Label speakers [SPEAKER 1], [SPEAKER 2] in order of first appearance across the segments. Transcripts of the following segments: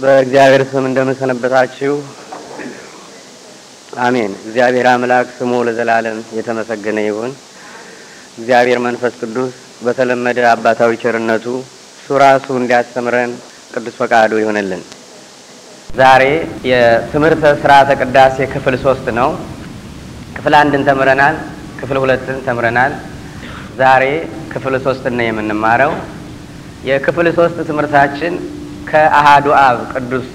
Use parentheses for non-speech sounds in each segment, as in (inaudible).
[SPEAKER 1] በእግዚአብሔር ስም እንደምሰነበታችሁ አሜን። እግዚአብሔር አምላክ ስሙ ለዘላለም የተመሰገነ ይሁን። እግዚአብሔር መንፈስ ቅዱስ በተለመደ አባታዊ ቸርነቱ እሱ ራሱ እንዲያስተምረን ቅዱስ ፈቃዱ ይሆንልን። ዛሬ የትምህርተ ስርዓተ ቅዳሴ ክፍል ሶስት ነው። ክፍል አንድን ተምረናል። ክፍል ሁለትን ተምረናል። ዛሬ ክፍል ሶስት ነው የምንማረው። የክፍል ሶስት ትምህርታችን ከአሃዱ አብ ቅዱስ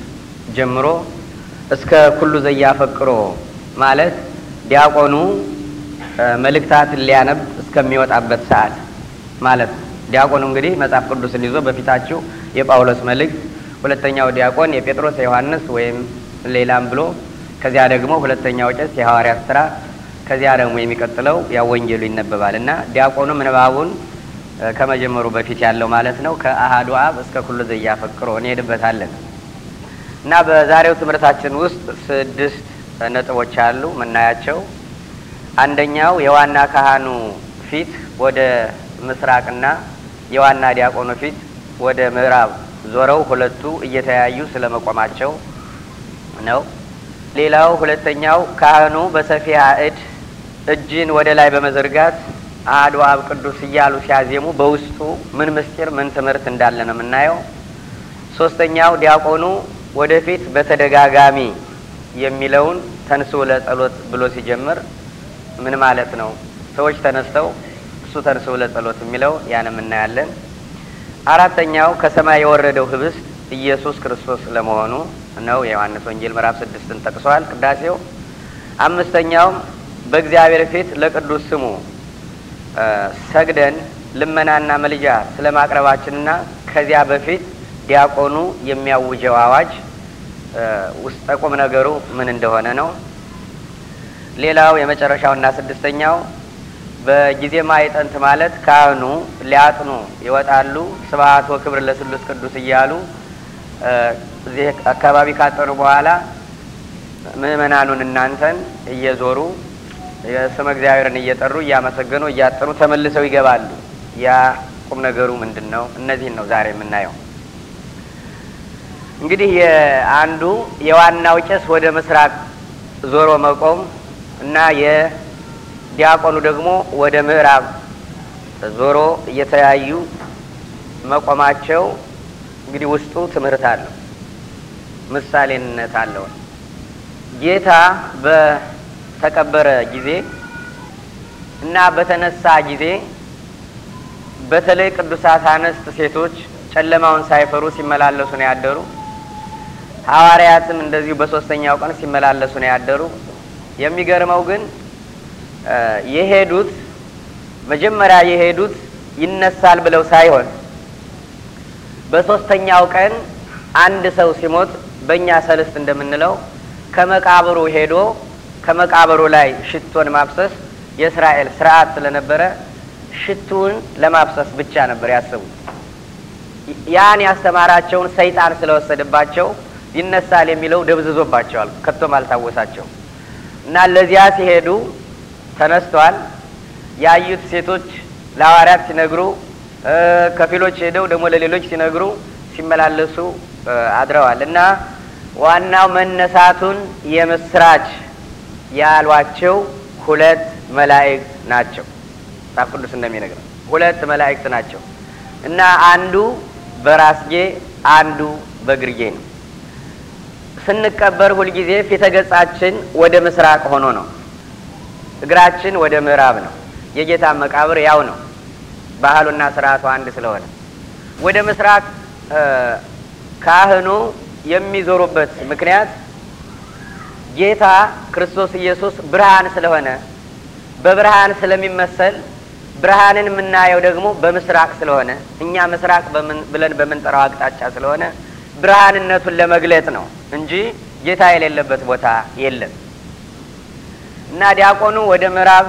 [SPEAKER 1] ጀምሮ እስከ ኩሉ ዘያፈቅሮ ማለት ዲያቆኑ መልእክታትን ሊያነብ እስከሚወጣበት ሰዓት ማለት ነው። ዲያቆኑ እንግዲህ መጽሐፍ ቅዱስን ይዞ በፊታችሁ የጳውሎስ መልእክት፣ ሁለተኛው ዲያቆን የጴጥሮስ የዮሐንስ ወይም ሌላም ብሎ ከዚያ ደግሞ ሁለተኛው ቄስ የሐዋርያት ስራ፣ ከዚያ ደግሞ የሚቀጥለው ያው ወንጌሉ ይነበባል እና ዲያቆኑ ምንባቡን ከመጀመሩ በፊት ያለው ማለት ነው። ከአሃዱ አብ እስከ ኩሉ ዘያፈቅሮ እንሄድበታለን እና በዛሬው ትምህርታችን ውስጥ ስድስት ነጥቦች አሉ የምናያቸው። አንደኛው የዋና ካህኑ ፊት ወደ ምስራቅና የዋና ዲያቆኑ ፊት ወደ ምዕራብ ዞረው ሁለቱ እየተያዩ ስለመቆማቸው ነው። ሌላው ሁለተኛው ካህኑ በሰፊ አዕድ እጅን ወደ ላይ በመዘርጋት አሐዱ አብ ቅዱስ እያሉ ሲያዜሙ በውስጡ ምን ምስጢር ምን ትምህርት እንዳለ ነው የምናየው። ሶስተኛው ዲያቆኑ ወደፊት በተደጋጋሚ የሚለውን ተንሥኡ ለጸሎት ብሎ ሲጀምር ምን ማለት ነው? ሰዎች ተነስተው እሱ ተንሥኡ ለጸሎት የሚለው ያንም እናያለን። አራተኛው ከሰማይ የወረደው ህብስት ኢየሱስ ክርስቶስ ለመሆኑ ነው። የዮሐንስ ወንጌል ምዕራፍ ስድስትን ጠቅሷል ቅዳሴው። አምስተኛውም በእግዚአብሔር ፊት ለቅዱስ ስሙ ሰግደን ልመናና መልጃ ስለ ማቅረባችንና ከዚያ በፊት ዲያቆኑ የሚያውጀው አዋጅ ውስጠ ቁም ነገሩ ምን እንደሆነ ነው። ሌላው የመጨረሻውና ስድስተኛው በጊዜ ማይጠንት ማለት ካህኑ ሊያጥኑ ይወጣሉ። ስብሐት ወክብር ለስሉስ ቅዱስ እያሉ እዚህ አካባቢ ካጠኑ በኋላ ምእመናኑን እናንተን እየዞሩ ስም እግዚአብሔርን እየጠሩ እያመሰገኑ እያጠሩ ተመልሰው ይገባሉ። ያ ቁም ነገሩ ምንድን ነው? እነዚህን ነው ዛሬ የምናየው። እንግዲህ አንዱ የዋናው ጭስ ወደ ምስራቅ ዞሮ መቆም እና የዲያቆኑ ደግሞ ወደ ምዕራብ ዞሮ እየተያዩ መቆማቸው እንግዲህ ውስጡ ትምህርት አለው፣ ምሳሌነት አለው። ጌታ በ ተቀበረ ጊዜ እና በተነሳ ጊዜ በተለይ ቅዱሳት አነስት ሴቶች ጨለማውን ሳይፈሩ ሲመላለሱ ነው ያደሩ። ሐዋርያትም እንደዚሁ በሶስተኛው ቀን ሲመላለሱ ነው ያደሩ። የሚገርመው ግን የሄዱት መጀመሪያ የሄዱት ይነሳል ብለው ሳይሆን በሶስተኛው ቀን አንድ ሰው ሲሞት በእኛ ሰልስት እንደምንለው ከመቃብሩ ሄዶ ከመቃብሩ ላይ ሽቶን ማብሰስ የእስራኤል ስርዓት ስለነበረ ሽቱን ለማብሰስ ብቻ ነበር ያሰቡት። ያን ያስተማራቸውን ሰይጣን ስለወሰደባቸው ይነሳል የሚለው ደብዝዞባቸዋል። ከቶም አልታወሳቸው እና ለዚያ ሲሄዱ ተነስቷል። ያዩት ሴቶች ለሐዋርያት ሲነግሩ፣ ከፊሎች ሄደው ደግሞ ለሌሎች ሲነግሩ ሲመላለሱ አድረዋል እና ዋናው መነሳቱን የምስራች ያሏቸው ሁለት መላእክት ናቸው። መጽሐፍ ቅዱስ እንደሚነግር ሁለት መላእክት ናቸው እና አንዱ በራስጌ አንዱ በግርጌ ነው። ስንቀበር ሁልጊዜ ፊተ ገጻችን ወደ ምስራቅ ሆኖ ነው፣ እግራችን ወደ ምዕራብ ነው። የጌታ መቃብር ያው ነው፣ ባህሉና ስርዓቱ አንድ ስለሆነ ወደ ምስራቅ ካህኑ የሚዞሩበት ምክንያት ጌታ ክርስቶስ ኢየሱስ ብርሃን ስለሆነ በብርሃን ስለሚመሰል ብርሃንን የምናየው ደግሞ በምስራቅ ስለሆነ እኛ ምስራቅ ብለን በምንጠራው አቅጣጫ ስለሆነ ብርሃንነቱን ለመግለጥ ነው እንጂ ጌታ የሌለበት ቦታ የለም እና ዲያቆኑ ወደ ምዕራብ፣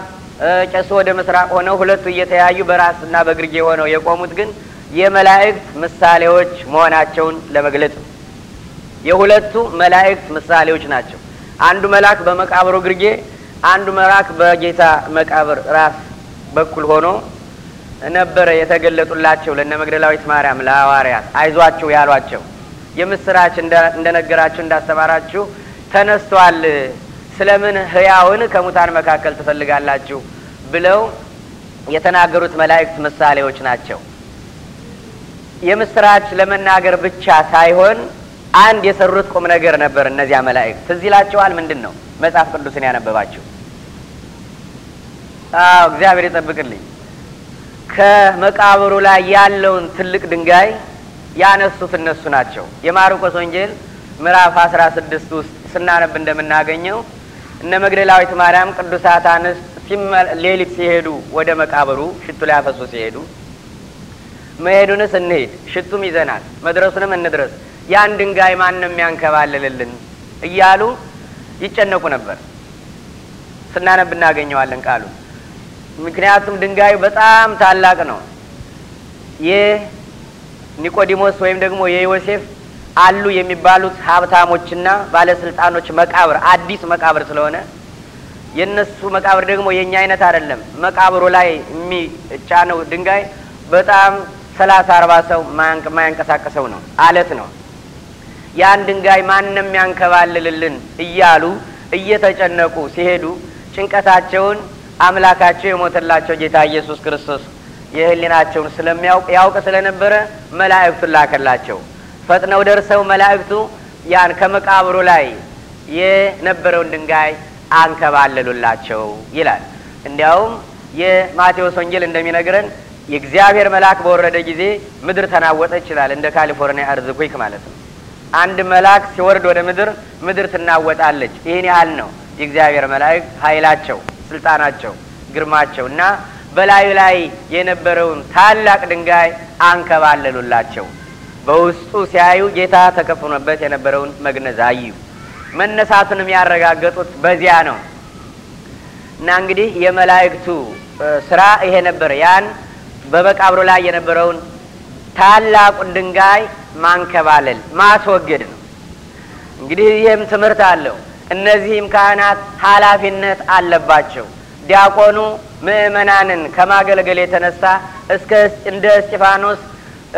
[SPEAKER 1] ቄሱ ወደ ምስራቅ ሆነው ሁለቱ እየተያዩ በራስና በግርጌ ሆነው የቆሙት ግን የመላእክት ምሳሌዎች መሆናቸውን ለመግለጽ ነው። የሁለቱ መላእክት ምሳሌዎች ናቸው። አንዱ መልአክ በመቃብሩ ግርጌ፣ አንዱ መልአክ በጌታ መቃብር ራስ በኩል ሆኖ ነበረ የተገለጡላቸው ለነ መግደላዊት ማርያም ለሐዋርያት አይዟቸው ያሏቸው የምስራች እንደነገራችሁ እንዳስተማራችሁ ተነስቷል፣ ስለምን ህያውን ከሙታን መካከል ትፈልጋላችሁ ብለው የተናገሩት መላእክት ምሳሌዎች ናቸው። የምስራች ለመናገር ብቻ ሳይሆን አንድ የሰሩት ቁም ነገር ነበር። እነዚያ መላእክት ትዝ ይላቸዋል። ምንድን ነው መጽሐፍ ቅዱስን ያነበባችሁ? አዎ እግዚአብሔር ይጠብቅልኝ። ከመቃብሩ ላይ ያለውን ትልቅ ድንጋይ ያነሱት እነሱ ናቸው። የማርቆስ ወንጌል ምዕራፍ አስራ ስድስት ውስጥ ስናነብ እንደምናገኘው እነ መግደላዊት ማርያም ቅዱሳት አንስት ሌሊት ሲሄዱ ወደ መቃብሩ ሽቱ ላይ ሲሄዱ መሄዱን ስንሄድ ሽቱም ይዘናል፣ መድረሱንም እንድረስ፣ ያን ድንጋይ ማን ነው የሚያንከባልልልን እያሉ ይጨነቁ ነበር። ስናነብ እናገኘዋለን ቃሉ። ምክንያቱም ድንጋዩ በጣም ታላቅ ነው። የኒቆዲሞስ ወይም ደግሞ የዮሴፍ አሉ የሚባሉት ሀብታሞችና ባለስልጣኖች መቃብር አዲስ መቃብር ስለሆነ የእነሱ መቃብር ደግሞ የእኛ አይነት አይደለም። መቃብሩ ላይ የሚጫነው ድንጋይ በጣም ሰላሳ አርባ ሰው ማያንቀሳቀሰው ነው፣ አለት ነው። ያን ድንጋይ ማንም ያንከባልልልን እያሉ እየተጨነቁ ሲሄዱ ጭንቀታቸውን አምላካቸው የሞተላቸው ጌታ ኢየሱስ ክርስቶስ የህሊናቸውን ስለሚያውቅ ያውቅ ስለነበረ መላእክቱን ላከላቸው። ፈጥነው ደርሰው መላእክቱ ያን ከመቃብሩ ላይ የነበረውን ድንጋይ አንከባለሉላቸው ይላል። እንዲያውም የማቴዎስ ወንጌል እንደሚነግረን የእግዚአብሔር መልአክ በወረደ ጊዜ ምድር ተናወጠ ይችላል። እንደ ካሊፎርኒያ እርዝኩክ ማለት ነው። አንድ መልአክ ሲወርድ ወደ ምድር ምድር ትናወጣለች። ይህን ያህል ነው የእግዚአብሔር መልአክ ኃይላቸው፣ ስልጣናቸው፣ ግርማቸው እና በላዩ ላይ የነበረውን ታላቅ ድንጋይ አንከባለሉላቸው። በውስጡ ሲያዩ ጌታ ተከፍኖበት የነበረውን መግነዝ አዩ። መነሳቱንም ያረጋገጡት በዚያ ነው እና እንግዲህ የመላእክቱ ስራ ይሄ ነበር ያን በመቃብሩ ላይ የነበረውን ታላቁን ድንጋይ ማንከባለል ማስወገድ ነው። እንግዲህ ይህም ትምህርት አለው። እነዚህም ካህናት ኃላፊነት አለባቸው። ዲያቆኑ ምእመናንን ከማገልገል የተነሳ እስከ እንደ እስጢፋኖስ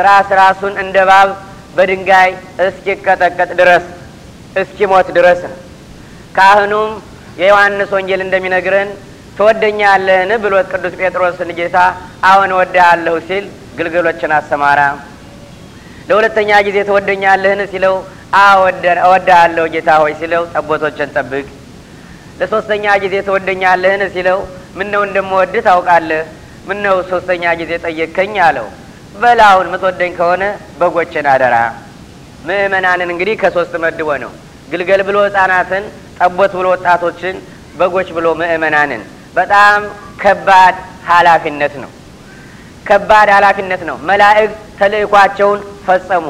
[SPEAKER 1] ራስ ራሱን እንደ ባብ በድንጋይ እስኪቀጠቀጥ ድረስ እስኪሞት ድረስ ነው። ካህኑም የዮሐንስ ወንጌል እንደሚነግረን ትወደኛለህን ብሎት ቅዱስ ጴጥሮስን ጌታ አሁን እወድሃለሁ ሲል ግልገሎችን አሰማራ። ለሁለተኛ ጊዜ ትወደኛለህን ሲለው እወድሃለሁ ጌታ ሆይ ሲለው ጠቦቶችን ጠብቅ። ለሶስተኛ ጊዜ ትወደኛለህን ሲለው ነው እንደምወድህ ታውቃለህ፣ ምነው ሶስተኛ ጊዜ ጠየከኝ አለው። በላሁን ምትወደኝ ከሆነ በጎችን አደራ። ምእመናንን እንግዲህ ከሶስት መድቦ ነው። ግልገል ብሎ ህፃናትን ጠቦት ብሎ ወጣቶችን፣ በጎች ብሎ ምእመናንን በጣም ከባድ ኃላፊነት ነው። ከባድ ኃላፊነት ነው። መላእክ ተልእኳቸውን ፈጸሙ።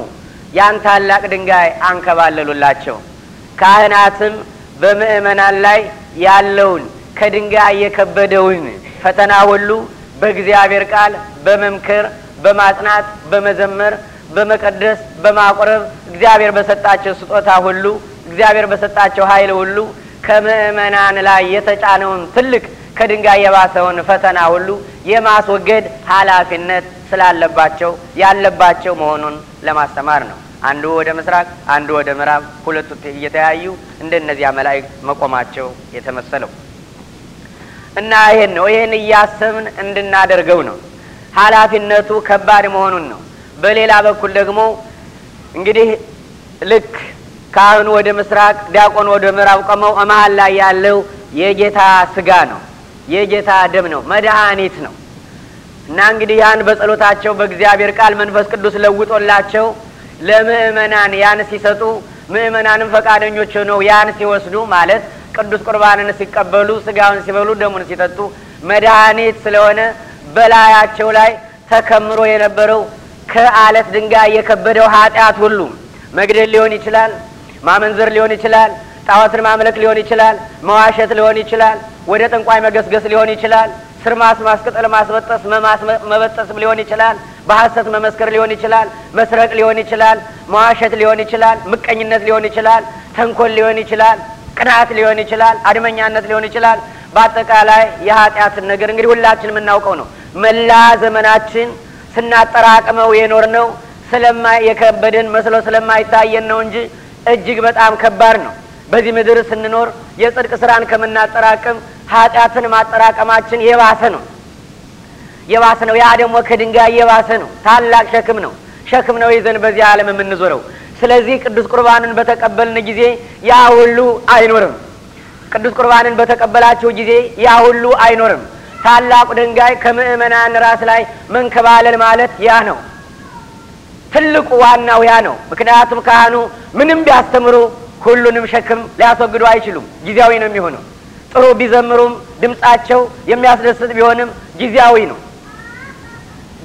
[SPEAKER 1] ያን ታላቅ ድንጋይ አንከባለሉላቸው። ካህናትም በምእመናን ላይ ያለውን ከድንጋይ የከበደውን ፈተና ሁሉ በእግዚአብሔር ቃል በመምከር በማጽናት፣ በመዘመር፣ በመቀደስ፣ በማቁረብ እግዚአብሔር በሰጣቸው ስጦታ ሁሉ እግዚአብሔር በሰጣቸው ኃይል ሁሉ ከምእመናን ላይ የተጫነውን ትልቅ ከድንጋይ የባሰውን ፈተና ሁሉ የማስወገድ ኃላፊነት ስላለባቸው ያለባቸው መሆኑን ለማስተማር ነው። አንዱ ወደ ምስራቅ፣ አንዱ ወደ ምዕራብ፣ ሁለቱ እየተያዩ እንደነዚያ መላእክት መቆማቸው የተመሰለው እና ይሄን ነው ይሄን እያሰብን እንድናደርገው ነው። ኃላፊነቱ ከባድ መሆኑን ነው። በሌላ በኩል ደግሞ እንግዲህ ልክ ካህኑ ወደ ምስራቅ፣ ዲያቆኑ ወደ ምዕራብ ቆመው መሀል ላይ ያለው የጌታ ስጋ ነው። የጌታ ደም ነው፣ መድኃኒት ነው እና እንግዲህ ያን በጸሎታቸው በእግዚአብሔር ቃል መንፈስ ቅዱስ ለውጦላቸው ለምእመናን ያን ሲሰጡ ምእመናንም ፈቃደኞች ሆነው ያን ሲወስዱ ማለት ቅዱስ ቁርባንን ሲቀበሉ ስጋውን ሲበሉ ደሙን ሲጠጡ መድኃኒት ስለሆነ በላያቸው ላይ ተከምሮ የነበረው ከአለት ድንጋይ የከበደው ኃጢአት ሁሉ መግደል ሊሆን ይችላል፣ ማመንዘር ሊሆን ይችላል፣ ጣዖትን ማምለክ ሊሆን ይችላል፣ መዋሸት ሊሆን ይችላል፣ ወደ ጠንቋይ መገስገስ ሊሆን ይችላል፣ ስር ማስ ማስበጠስ፣ መማስ፣ መበጠስም ሊሆን ይችላል፣ በሐሰት መመስከር ሊሆን ይችላል፣ መስረቅ ሊሆን ይችላል፣ መዋሸት ሊሆን ይችላል፣ ምቀኝነት ሊሆን ይችላል፣ ተንኮል ሊሆን ይችላል፣ ቅናት ሊሆን ይችላል፣ አድመኛነት ሊሆን ይችላል። በአጠቃላይ የኃጢአትን ነገር እንግዲህ ሁላችን የምናውቀው ነው። መላ ዘመናችን ስናጠራቅመው የኖር ነው ስለማ የከበደን መስሎ ስለማይታየን ነው እንጂ እጅግ በጣም ከባድ ነው። በዚህ ምድር ስንኖር የጽድቅ ስራን ከምናጠራቅም ኃጢአትን ማጠራቀማችን የባሰ ነው የባሰ ነው። ያ ደግሞ ከድንጋይ የባሰ ነው። ታላቅ ሸክም ነው። ሸክም ነው ይዘን በዚህ ዓለም የምንዞረው። ስለዚህ ቅዱስ ቁርባንን በተቀበልን ጊዜ ያ ሁሉ አይኖርም። ቅዱስ ቁርባንን በተቀበላችሁ ጊዜ ያ ሁሉ አይኖርም። ታላቁ ድንጋይ ከምእመናን ራስ ላይ መንከባለል ማለት ያ ነው። ትልቁ ዋናው ያ ነው። ምክንያቱም ካህኑ ምንም ቢያስተምሩ ሁሉንም ሸክም ሊያስወግዱ አይችሉም። ጊዜያዊ ነው የሚሆነው። ጥሩ ቢዘምሩም ድምፃቸው የሚያስደስት ቢሆንም ጊዜያዊ ነው።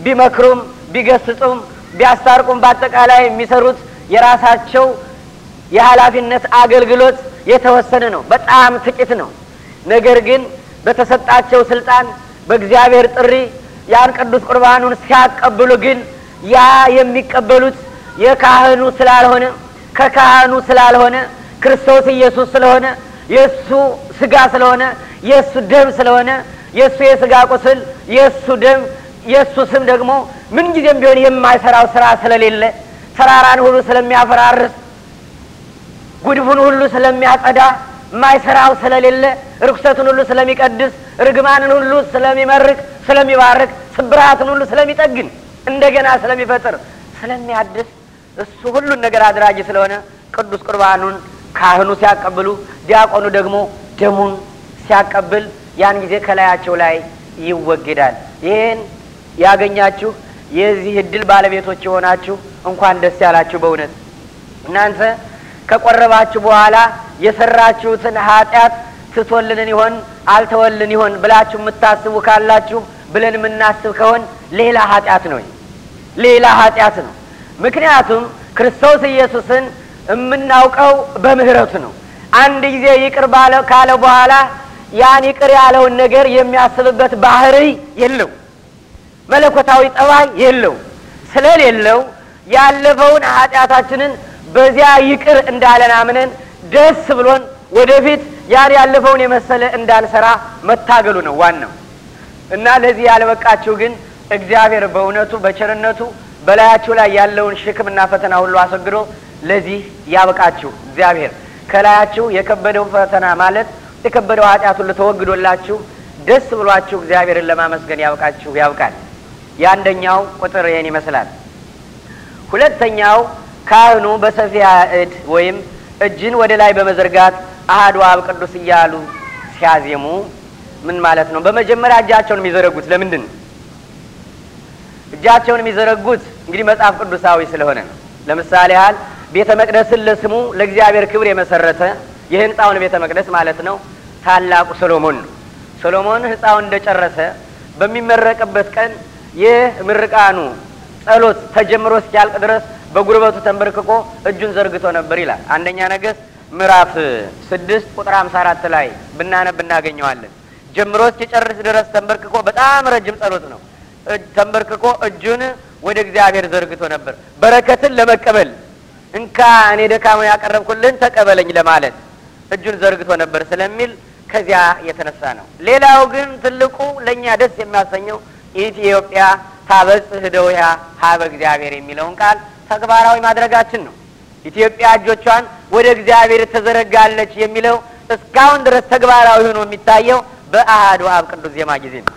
[SPEAKER 1] ቢመክሩም ቢገስጹም ቢያስታርቁም በአጠቃላይ የሚሰሩት የራሳቸው የኃላፊነት አገልግሎት የተወሰነ ነው፣ በጣም ጥቂት ነው። ነገር ግን በተሰጣቸው ስልጣን በእግዚአብሔር ጥሪ ያን ቅዱስ ቁርባኑን ሲያቀብሉ ግን ያ የሚቀበሉት የካህኑ ስላልሆነ ከካህኑ ስላልሆነ ክርስቶስ ኢየሱስ ስለሆነ የእሱ ስጋ ስለሆነ የእሱ ደም ስለሆነ የእሱ የስጋ ቁስል የእሱ ደም የእሱ ስም ደግሞ ምንጊዜም ቢሆን የማይሰራው ስራ ስለሌለ ተራራን ሁሉ ስለሚያፈራርስ ጉድፉን ሁሉ ስለሚያጸዳ ማይሰራው ስለሌለ ርኩሰቱን ሁሉ ስለሚቀድስ ርግማንን ሁሉ ስለሚመርቅ ስለሚባርክ ስብራትን ሁሉ ስለሚጠግን እንደገና ስለሚፈጥር ስለሚያድስ እሱ ሁሉን ነገር አድራጅ ስለሆነ ቅዱስ ቁርባኑን ካህኑ ሲያቀብሉ፣ ዲያቆኑ ደግሞ ደሙን ሲያቀብል ያን ጊዜ ከላያቸው ላይ ይወግዳል። ይህን ያገኛችሁ የዚህ እድል ባለቤቶች የሆናችሁ እንኳን ደስ ያላችሁ። በእውነት እናንተ ከቆረባችሁ በኋላ የሰራችሁትን ኃጢአት ትቶልንን ይሆን አልተወልን ይሆን ብላችሁ የምታስቡ ካላችሁ ብለን የምናስብ ከሆን ሌላ ኃጢአት ነው፣ ሌላ ኃጢአት ነው። ምክንያቱም ክርስቶስ ኢየሱስን የምናውቀው በምህረቱ ነው። አንድ ጊዜ ይቅር ካለ በኋላ ያን ይቅር ያለውን ነገር የሚያስብበት ባህርይ የለው፣ መለኮታዊ ጠባይ የለው። ስለሌለው ያለፈውን ኃጢአታችንን በዚያ ይቅር እንዳለን አምነን ደስ ብሎን ወደፊት ያን ያለፈውን የመሰለ እንዳንሰራ መታገሉ ነው ዋናው እና ለዚህ ያለበቃችሁ ግን እግዚአብሔር በእውነቱ በቸርነቱ በላያችሁ ላይ ያለውን ሽክምና ፈተና ሁሉ አስወግዶ ለዚህ ያብቃችሁ እግዚአብሔር። ከላያችሁ የከበደው ፈተና ማለት የከበደው ኃጢአት ሁሉ ተወግዶላችሁ ደስ ብሏችሁ እግዚአብሔርን ለማመስገን ያብቃችሁ ያብቃል። የአንደኛው ቁጥር ይህን ይመስላል። ሁለተኛው ካህኑ በሰፊያ እድ ወይም እጅን ወደ ላይ በመዘርጋት አህዱ አብ ቅዱስ እያሉ ሲያዜሙ ምን ማለት ነው? በመጀመሪያ እጃቸውን የሚዘረጉት ለምንድን ነው? እጃቸውን የሚዘረጉት እንግዲህ መጽሐፍ ቅዱሳዊ ስለሆነ ነው። ለምሳሌ ያህል ቤተ መቅደስን ለስሙ ለእግዚአብሔር ክብር የመሰረተ የህንፃውን ቤተ መቅደስ ማለት ነው ታላቁ ሰሎሞን ነው። ሰሎሞን ህንፃውን እንደጨረሰ በሚመረቅበት ቀን ይህ ምርቃኑ ጸሎት ተጀምሮ እስኪያልቅ ድረስ በጉርበቱ ተንበርክቆ እጁን ዘርግቶ ነበር ይላል። አንደኛ ነገሥት ምዕራፍ ስድስት ቁጥር ሀምሳ አራት ላይ ብናነብ እናገኘዋለን። ጀምሮ እስኪጨርስ ድረስ ተንበርክቆ በጣም ረጅም ጸሎት ነው። ተንበርክቆ እጁን ወደ እግዚአብሔር ዘርግቶ ነበር በረከትን ለመቀበል እንካ እኔ ደካሞ ያቀረብኩልን ተቀበለኝ ለማለት እጁን ዘርግቶ ነበር ስለሚል ከዚያ የተነሳ ነው። ሌላው ግን ትልቁ ለእኛ ደስ የሚያሰኘው ኢትዮጵያ ታበጽህ እደዊሃ ሀበ እግዚአብሔር የሚለውን ቃል ተግባራዊ ማድረጋችን ነው። ኢትዮጵያ እጆቿን ወደ እግዚአብሔር ተዘረጋለች የሚለው እስካሁን ድረስ ተግባራዊ ሆኖ የሚታየው በአህዱ አብ ቅዱስ ዜማ ጊዜ ነው።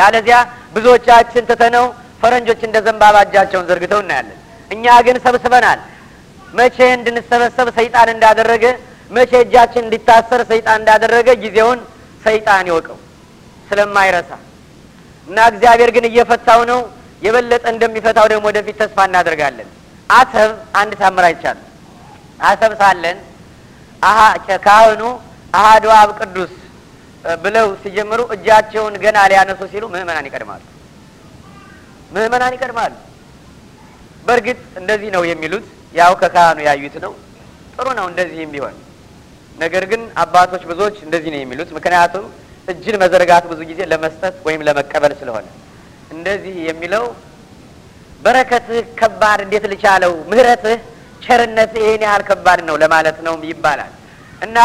[SPEAKER 1] ያለዚያ ብዙዎቻችን ትተነው ፈረንጆች እንደ ዘንባባ እጃቸውን ዘርግተው እናያለን። እኛ ግን ሰብስበናል። መቼ እንድንሰበሰብ ሰይጣን እንዳደረገ፣ መቼ እጃችን እንዲታሰር ሰይጣን እንዳደረገ ጊዜውን ሰይጣን ይወቀው ስለማይረሳ እና እግዚአብሔር ግን እየፈታው ነው። የበለጠ እንደሚፈታው ደግሞ ወደፊት ተስፋ እናደርጋለን። አሰብ አንድ ታምር አይቻለሁ። አሰብ ሳለን ካህኑ አሐዱ አብ ቅዱስ ብለው ሲጀምሩ እጃቸውን ገና ሊያነሱ ሲሉ ምእመናን ይቀድማሉ። ምእመናን ይቀድማሉ። በእርግጥ እንደዚህ ነው የሚሉት ያው ከካህኑ ያዩት ነው። ጥሩ ነው እንደዚህም ቢሆን ነገር ግን አባቶች ብዙዎች እንደዚህ ነው የሚሉት። ምክንያቱም እጅን መዘርጋት ብዙ ጊዜ ለመስጠት ወይም ለመቀበል ስለሆነ እንደዚህ የሚለው በረከትህ ከባድ እንዴት ልቻለው፣ ምህረትህ ቸርነትህ ይህን ያህል ከባድ ነው ለማለት ነው ይባላል እና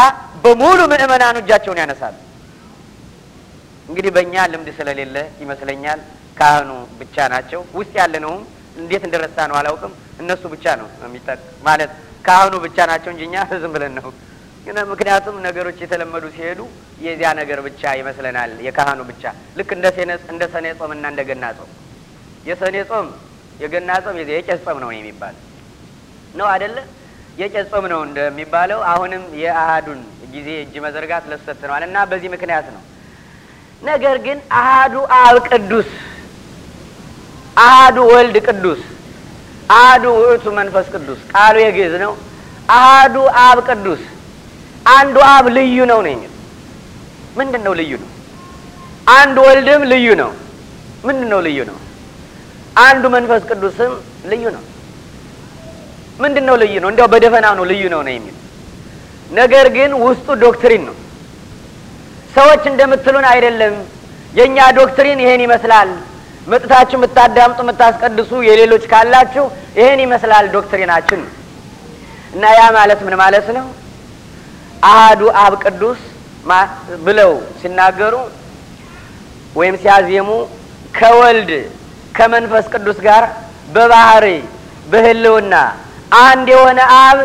[SPEAKER 1] በሙሉ ምእመናን እጃቸውን ያነሳሉ። እንግዲህ በእኛ ልምድ ስለሌለ ይመስለኛል ካህኑ ብቻ ናቸው። ውስጥ ያለነውም እንዴት እንደረሳ ነው አላውቅም። እነሱ ብቻ ነው የሚጠቅ ማለት ካህኑ ብቻ ናቸው እንጂ እኛ ዝም ብለን ነው። ምክንያቱም ነገሮች የተለመዱ ሲሄዱ የዚያ ነገር ብቻ ይመስለናል፣ የካህኑ ብቻ። ልክ እንደ እንደ ሰኔ ጾም እና እንደ ገና ጾም፣ የሰኔ ጾም የገና ጾም የቄስ ጾም ነው የሚባል ነው አደለ? የቄስ ጾም ነው እንደሚባለው አሁንም የአሃዱን ጊዜ እጅ መዘርጋት ለሰት ነዋል እና በዚህ ምክንያት ነው። ነገር ግን አሃዱ አብ ቅዱስ አሃዱ ወልድ ቅዱስ አሃዱ ውእቱ መንፈስ ቅዱስ ቃሉ የግዕዝ ነው። አሃዱ አብ ቅዱስ አንዱ አብ ልዩ ነው ነው የሚል ምንድን ነው ልዩ ነው? አንዱ ወልድም ልዩ ነው። ምንድን ነው ልዩ ነው? አንዱ መንፈስ ቅዱስም ልዩ ነው። ምንድን ነው ልዩ ነው? እንዲያው በደፈናው ነው ልዩ ነው ነው የሚል ነገር ግን ውስጡ ዶክትሪን ነው። ሰዎች እንደምትሉን አይደለም። የእኛ ዶክትሪን ይሄን ይመስላል መጥታችሁ የምታዳምጡ የምታስቀድሱ የሌሎች ካላችሁ ይህን ይመስላል ዶክትሪናችን። እና ያ ማለት ምን ማለት ነው? አህዱ አብ ቅዱስ ብለው ሲናገሩ ወይም ሲያዜሙ ከወልድ ከመንፈስ ቅዱስ ጋር በባህሪ በህልውና አንድ የሆነ አብ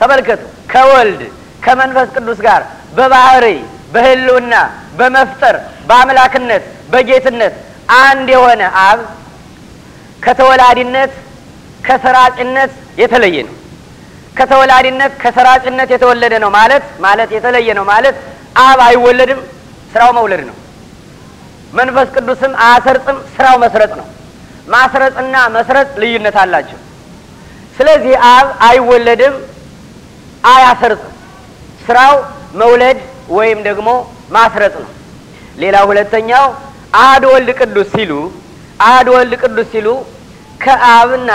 [SPEAKER 1] ተመልከቱ። ከወልድ ከመንፈስ ቅዱስ ጋር በባህሪ በህልውና በመፍጠር በአምላክነት በጌትነት አንድ የሆነ አብ ከተወላዲነት ከሰራጭነት የተለየ ነው። ከተወላዲነት ከሰራጭነት የተወለደ ነው ማለት ማለት የተለየ ነው ማለት አብ አይወለድም፣ ስራው መውለድ ነው። መንፈስ ቅዱስም አያሰርጽም፣ ስራው መስረጽ ነው። ማስረጽና መስረጽ ልዩነት አላቸው። ስለዚህ አብ አይወለድም፣ አያሰርጽም፣ ስራው መውለድ ወይም ደግሞ ማስረጽ ነው። ሌላ ሁለተኛው አሐድ ወልድ ቅዱስ ሲሉ አሐድ ወልድ ቅዱስ ሲሉ ከአብና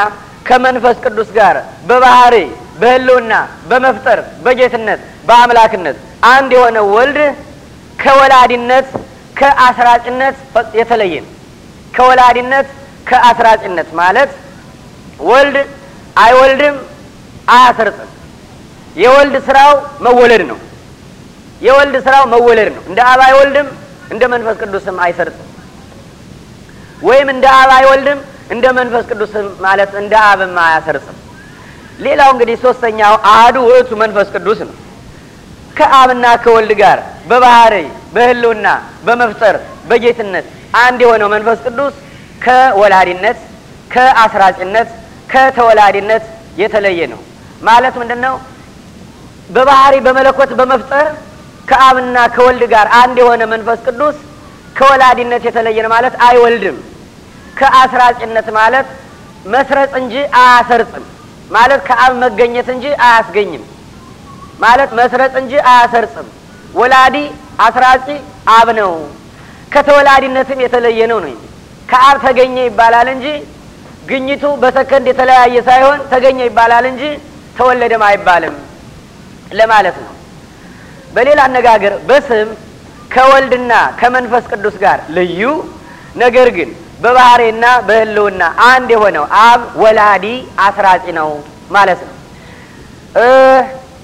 [SPEAKER 1] ከመንፈስ ቅዱስ ጋር በባህሪ በህልውና በመፍጠር በጌትነት በአምላክነት አንድ የሆነ ወልድ ከወላዲነት ከአስራጭነት የተለየ ነው። ከወላዲነት ከአስራጭነት ማለት ወልድ አይወልድም፣ አያስርጥም የወልድ ስራው መወለድ ነው። የወልድ ስራው መወለድ ነው። እንደ አብ አይወልድም እንደ መንፈስ ቅዱስም አይሰርጽም። ወይም እንደ አብ አይወልድም፣ እንደ መንፈስ ቅዱስም ማለት እንደ አብም አያሰርጽም። ሌላው እንግዲህ ሶስተኛው አህዱ ውእቱ መንፈስ ቅዱስ ነው። ከአብና ከወልድ ጋር በባህሪ በህልውና በመፍጠር በጌትነት አንድ የሆነው መንፈስ ቅዱስ ከወላዲነት ከአስራጭነት ከተወላዲነት የተለየ ነው። ማለት ምንድን ነው? በባህሪ በመለኮት በመፍጠር ከአብና ከወልድ ጋር አንድ የሆነ መንፈስ ቅዱስ ከወላዲነት የተለየ ነው ማለት አይወልድም። ከአስራጭነት ማለት መስረጽ እንጂ አያሰርጽም ማለት ከአብ መገኘት እንጂ አያስገኝም ማለት መስረጽ እንጂ አያሰርጽም። ወላዲ አስራጭ አብ ነው። ከተወላዲነትም የተለየ ነው ነው ከአብ ተገኘ ይባላል እንጂ ግኝቱ በሰከንድ የተለያየ ሳይሆን ተገኘ ይባላል እንጂ ተወለደም አይባልም ለማለት ነው። በሌላ አነጋገር በስም ከወልድና ከመንፈስ ቅዱስ ጋር ልዩ ነገር ግን በባህሬና በህልውና አንድ የሆነው አብ ወላዲ አስራጺ ነው ማለት ነው።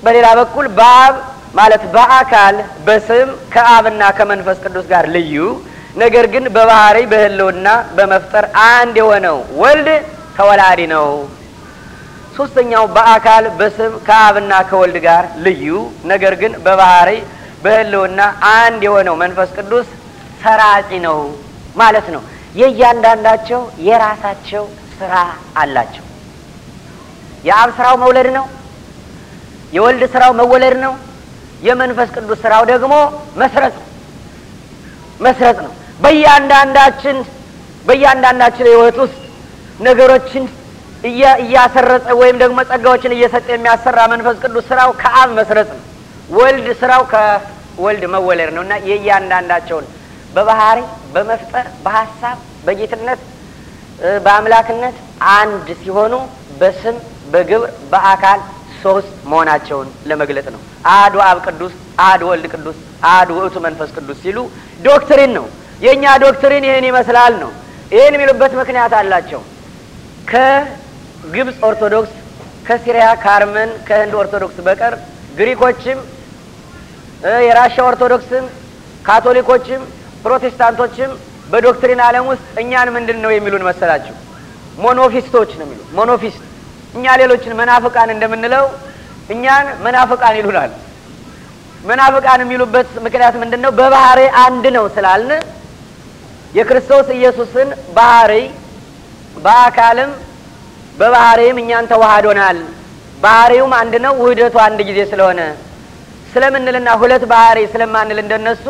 [SPEAKER 1] በሌላ በኩል በአብ ማለት በአካል በስም ከአብና ከመንፈስ ቅዱስ ጋር ልዩ ነገር ግን በባህሪ በህልውና በመፍጠር አንድ የሆነው ወልድ ተወላዲ ነው ሶስተኛው በአካል በስም ከአብና ከወልድ ጋር ልዩ ነገር ግን በባህሪ በህልውና አንድ የሆነው መንፈስ ቅዱስ ሰራጺ ነው ማለት ነው። የእያንዳንዳቸው የራሳቸው ስራ አላቸው። የአብ ስራው መውለድ ነው። የወልድ ስራው መወለድ ነው። የመንፈስ ቅዱስ ስራው ደግሞ መስረጽ መስረጽ ነው። በእያንዳንዳችን በእያንዳንዳችን ህይወት ውስጥ ነገሮችን እያሰረጸ ወይም ደግሞ ጸጋዎችን እየሰጠ የሚያሰራ መንፈስ ቅዱስ ስራው ከአብ መስረጽ ነው። ወልድ ስራው ከወልድ መወለድ ነው እና የእያንዳንዳቸውን በባህሪ በመፍጠር በሀሳብ በጌትነት በአምላክነት አንድ ሲሆኑ በስም በግብር በአካል ሶስት መሆናቸውን ለመግለጽ ነው። አሐዱ አብ ቅዱስ፣ አሐዱ ወልድ ቅዱስ፣ አሐዱ ውእቱ መንፈስ ቅዱስ ሲሉ ዶክትሪን ነው። የእኛ ዶክትሪን ይህን ይመስላል ነው። ይህን የሚሉበት ምክንያት አላቸው። ግብፅ ኦርቶዶክስ ከሲሪያ ከአርመን ከህንድ ኦርቶዶክስ በቀር ግሪኮችም የራሻ ኦርቶዶክስም ካቶሊኮችም ፕሮቴስታንቶችም በዶክትሪን ዓለም ውስጥ እኛን ምንድን ነው የሚሉን መሰላችሁ? ሞኖፊስቶች ነው የሚሉ ሞኖፊስት። እኛ ሌሎችን መናፍቃን እንደምንለው እኛን መናፍቃን ይሉናል። መናፍቃን የሚሉበት ምክንያት ምንድን ነው? በባህሪ አንድ ነው ስላልን የክርስቶስ ኢየሱስን ባህሪ በአካልም በባህሪም እኛን ተዋህዶናል። ባህሪውም አንድ ነው፣ ውህደቱ አንድ ጊዜ ስለሆነ ስለምንልና ሁለት ባህሪ ስለማንል እንደነሱ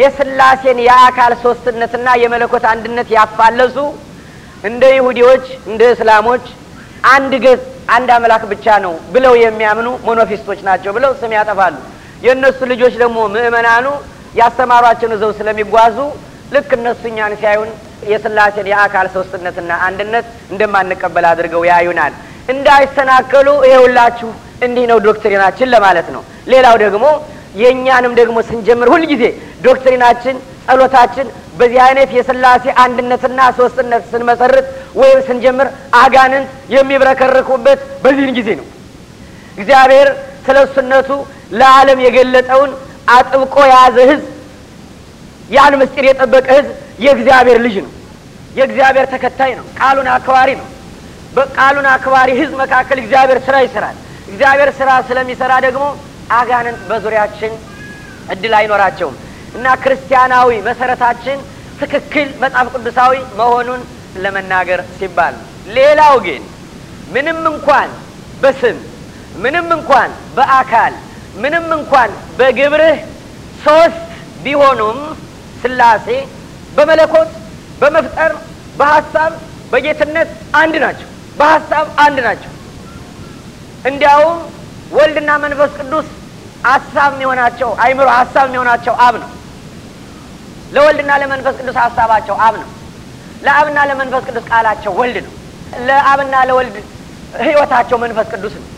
[SPEAKER 1] የስላሴን የአካል ሶስትነትና የመለኮት አንድነት ያፋለሱ እንደ ይሁዲዎች እንደ እስላሞች አንድ ገጽ አንድ አምላክ ብቻ ነው ብለው የሚያምኑ ሞኖፊስቶች ናቸው ብለው ስም ያጠፋሉ። የእነሱ ልጆች ደግሞ ምእመናኑ ያስተማሯቸውን ዘው ስለሚጓዙ ልክ እነሱ እኛን ሲያዩን የስላሴን የአካል ሶስትነትና አንድነት እንደማንቀበል አድርገው ያዩናል። እንዳይሰናከሉ ይሄውላችሁ እንዲህ ነው ዶክትሪናችን ለማለት ነው። ሌላው ደግሞ የእኛንም ደግሞ ስንጀምር ሁልጊዜ ዶክትሪናችን፣ ጸሎታችን በዚህ አይነት የስላሴ አንድነትና ሶስትነት ስንመሰርት ወይም ስንጀምር አጋንንት የሚብረከርኩበት በዚህን ጊዜ ነው። እግዚአብሔር ስለ እሱነቱ ለዓለም የገለጠውን አጥብቆ የያዘ ህዝብ ያን ምስጢር የጠበቀ ህዝብ የእግዚአብሔር ልጅ ነው። የእግዚአብሔር ተከታይ ነው። ቃሉን አክባሪ ነው። በቃሉን አክባሪ ህዝብ መካከል እግዚአብሔር ስራ ይሰራል። እግዚአብሔር ስራ ስለሚሰራ ደግሞ አጋንንት በዙሪያችን እድል አይኖራቸውም እና ክርስቲያናዊ መሰረታችን ትክክል መጽሐፍ ቅዱሳዊ መሆኑን ለመናገር ሲባል ሌላው ግን ምንም እንኳን በስም ምንም እንኳን በአካል ምንም እንኳን በግብርህ ሶስት ቢሆኑም ስላሴ በመለኮት በመፍጠር በሀሳብ በጌትነት አንድ ናቸው። በሀሳብ አንድ ናቸው። እንዲያውም ወልድና መንፈስ ቅዱስ ሀሳብ የሚሆናቸው አይምሮ ሀሳብ የሚሆናቸው አብ ነው። ለወልድና ለመንፈስ ቅዱስ ሀሳባቸው አብ ነው። ለአብና ለመንፈስ ቅዱስ ቃላቸው ወልድ ነው። ለአብና ለወልድ ህይወታቸው መንፈስ ቅዱስ ነው።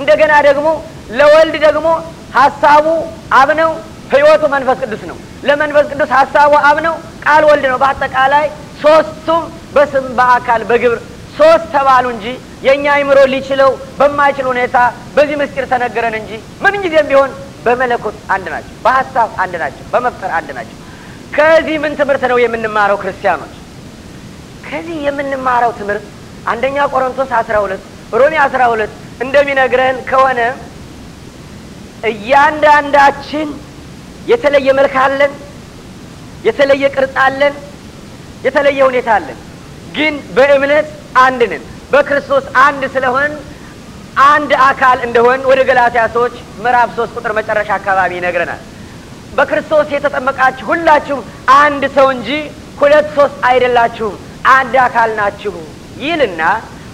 [SPEAKER 1] እንደገና ደግሞ ለወልድ ደግሞ ሀሳቡ አብ ነው። ህይወቱ መንፈስ ቅዱስ ነው። ለመንፈስ ቅዱስ ሀሳቡ አብ ነው፣ ቃል ወልድ ነው። በአጠቃላይ ሶስቱም በስም በአካል በግብር ሶስት ተባሉ እንጂ የእኛ አይምሮ ሊችለው በማይችል ሁኔታ በዚህ ምስጢር ተነገረን እንጂ ምን ጊዜም ቢሆን በመለኮት አንድ ናቸው፣ በሀሳብ አንድ ናቸው፣ በመፍጠር አንድ ናቸው። ከዚህ ምን ትምህርት ነው የምንማረው ክርስቲያኖች? ከዚህ የምንማረው ትምህርት አንደኛ ቆሮንቶስ አስራ ሁለት ሮሜ አስራ ሁለት እንደሚነግረን ከሆነ እያንዳንዳችን የተለየ መልክ አለን፣ የተለየ ቅርጽ አለን፣ የተለየ ሁኔታ አለን። ግን በእምነት አንድ ነን። በክርስቶስ አንድ ስለሆን አንድ አካል እንደሆን ወደ ገላትያ ሰዎች ምዕራፍ ሶስት ቁጥር መጨረሻ አካባቢ ይነግረናል። በክርስቶስ የተጠመቃችሁ ሁላችሁም አንድ ሰው እንጂ ሁለት ሶስት አይደላችሁም፣ አንድ አካል ናችሁ ይልና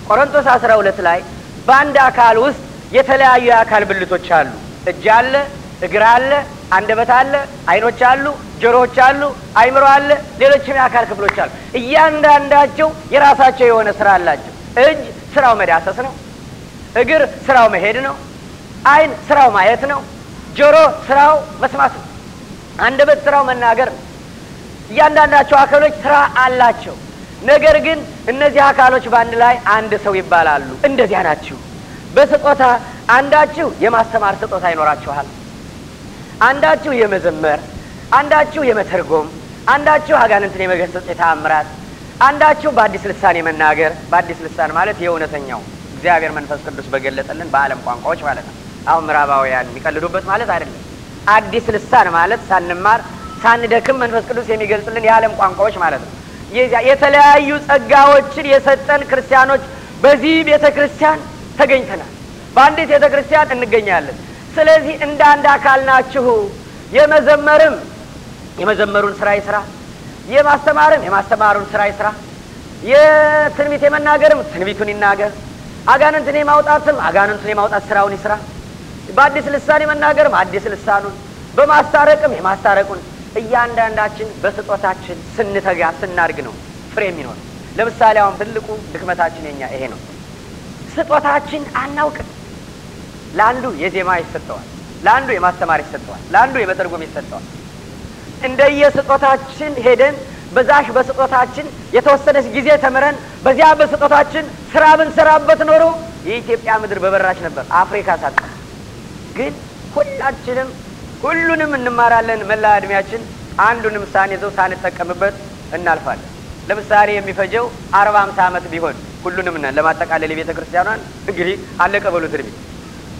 [SPEAKER 1] ቆሮንቶስ አስራ ሁለት ላይ በአንድ አካል ውስጥ የተለያዩ የአካል ብልቶች አሉ። እጅ አለ፣ እግር አለ አንደበት አለ፣ አይኖች አሉ፣ ጆሮዎች አሉ፣ አይምሮ አለ፣ ሌሎችም የአካል ክፍሎች አሉ። እያንዳንዳቸው የራሳቸው የሆነ ስራ አላቸው። እጅ ስራው መዳሰስ ነው። እግር ስራው መሄድ ነው። አይን ስራው ማየት ነው። ጆሮ ስራው መስማት ነው። አንደበት ስራው መናገር ነው። እያንዳንዳቸው አካሎች ስራ አላቸው። ነገር ግን እነዚህ አካሎች በአንድ ላይ አንድ ሰው ይባላሉ። እንደዚያ ናችሁ። በስጦታ አንዳችሁ የማስተማር ስጦታ ይኖራችኋል። አንዳችሁ የመዘመር አንዳችሁ የመተርጎም አንዳችሁ አጋንንትን የመገሰጽ የተአምራት አንዳችሁ በአዲስ ልሳን የመናገር በአዲስ ልሳን ማለት የእውነተኛው እግዚአብሔር መንፈስ ቅዱስ በገለጠልን በአለም ቋንቋዎች ማለት ነው። አሁን ምዕራባውያን የሚቀልዱበት ማለት አይደለም። አዲስ ልሳን ማለት ሳንማር ሳንደክም መንፈስ ቅዱስ የሚገልጽልን የዓለም ቋንቋዎች ማለት ነው። የተለያዩ ጸጋዎችን የሰጠን ክርስቲያኖች በዚህ ቤተ ክርስቲያን ተገኝተናል። በአንዲት ቤተ ክርስቲያን እንገኛለን። ስለዚህ እንደ አንድ አካል ናችሁ። የመዘመርም የመዘመሩን ስራ ይስራ፣ የማስተማርም የማስተማሩን ስራ ይስራ፣ የትንቢት የመናገርም ትንቢቱን ይናገር፣ አጋንንትን የማውጣትም አጋንንቱን የማውጣት ስራውን ይስራ፣ በአዲስ ልሳን የመናገርም አዲስ ልሳኑን፣ በማስታረቅም የማስታረቁን እያንዳንዳችን በስጦታችን ስንተጋ ስናድግ ነው ፍሬ የሚኖር። ለምሳሌ አሁን ትልቁ ድክመታችን የኛ ይሄ ነው። ስጦታችን አናውቅም። ለአንዱ የዜማ ይሰጠዋል፣ ለአንዱ የማስተማር ይሰጠዋል፣ ለአንዱ የመተርጎም ይሰጠዋል። እንደየስጦታችን ሄደን በዛሽ በስጦታችን የተወሰነች ጊዜ ተምረን በዚያ በስጦታችን ስራ ብንሰራበት ኖሮ የኢትዮጵያ ምድር በበራች ነበር፣ አፍሪካ ሳጣ። ግን ሁላችንም ሁሉንም እንማራለን መላ እድሜያችን አንዱንም ሳንይዘው ሳንጠቀምበት እናልፋለን። ለምሳሌ የሚፈጀው አርባ አምሳ ዓመት ቢሆን ሁሉንም ለማጠቃለል የቤተ ክርስቲያኗን እንግዲህ አለቀ በሉት እድሜ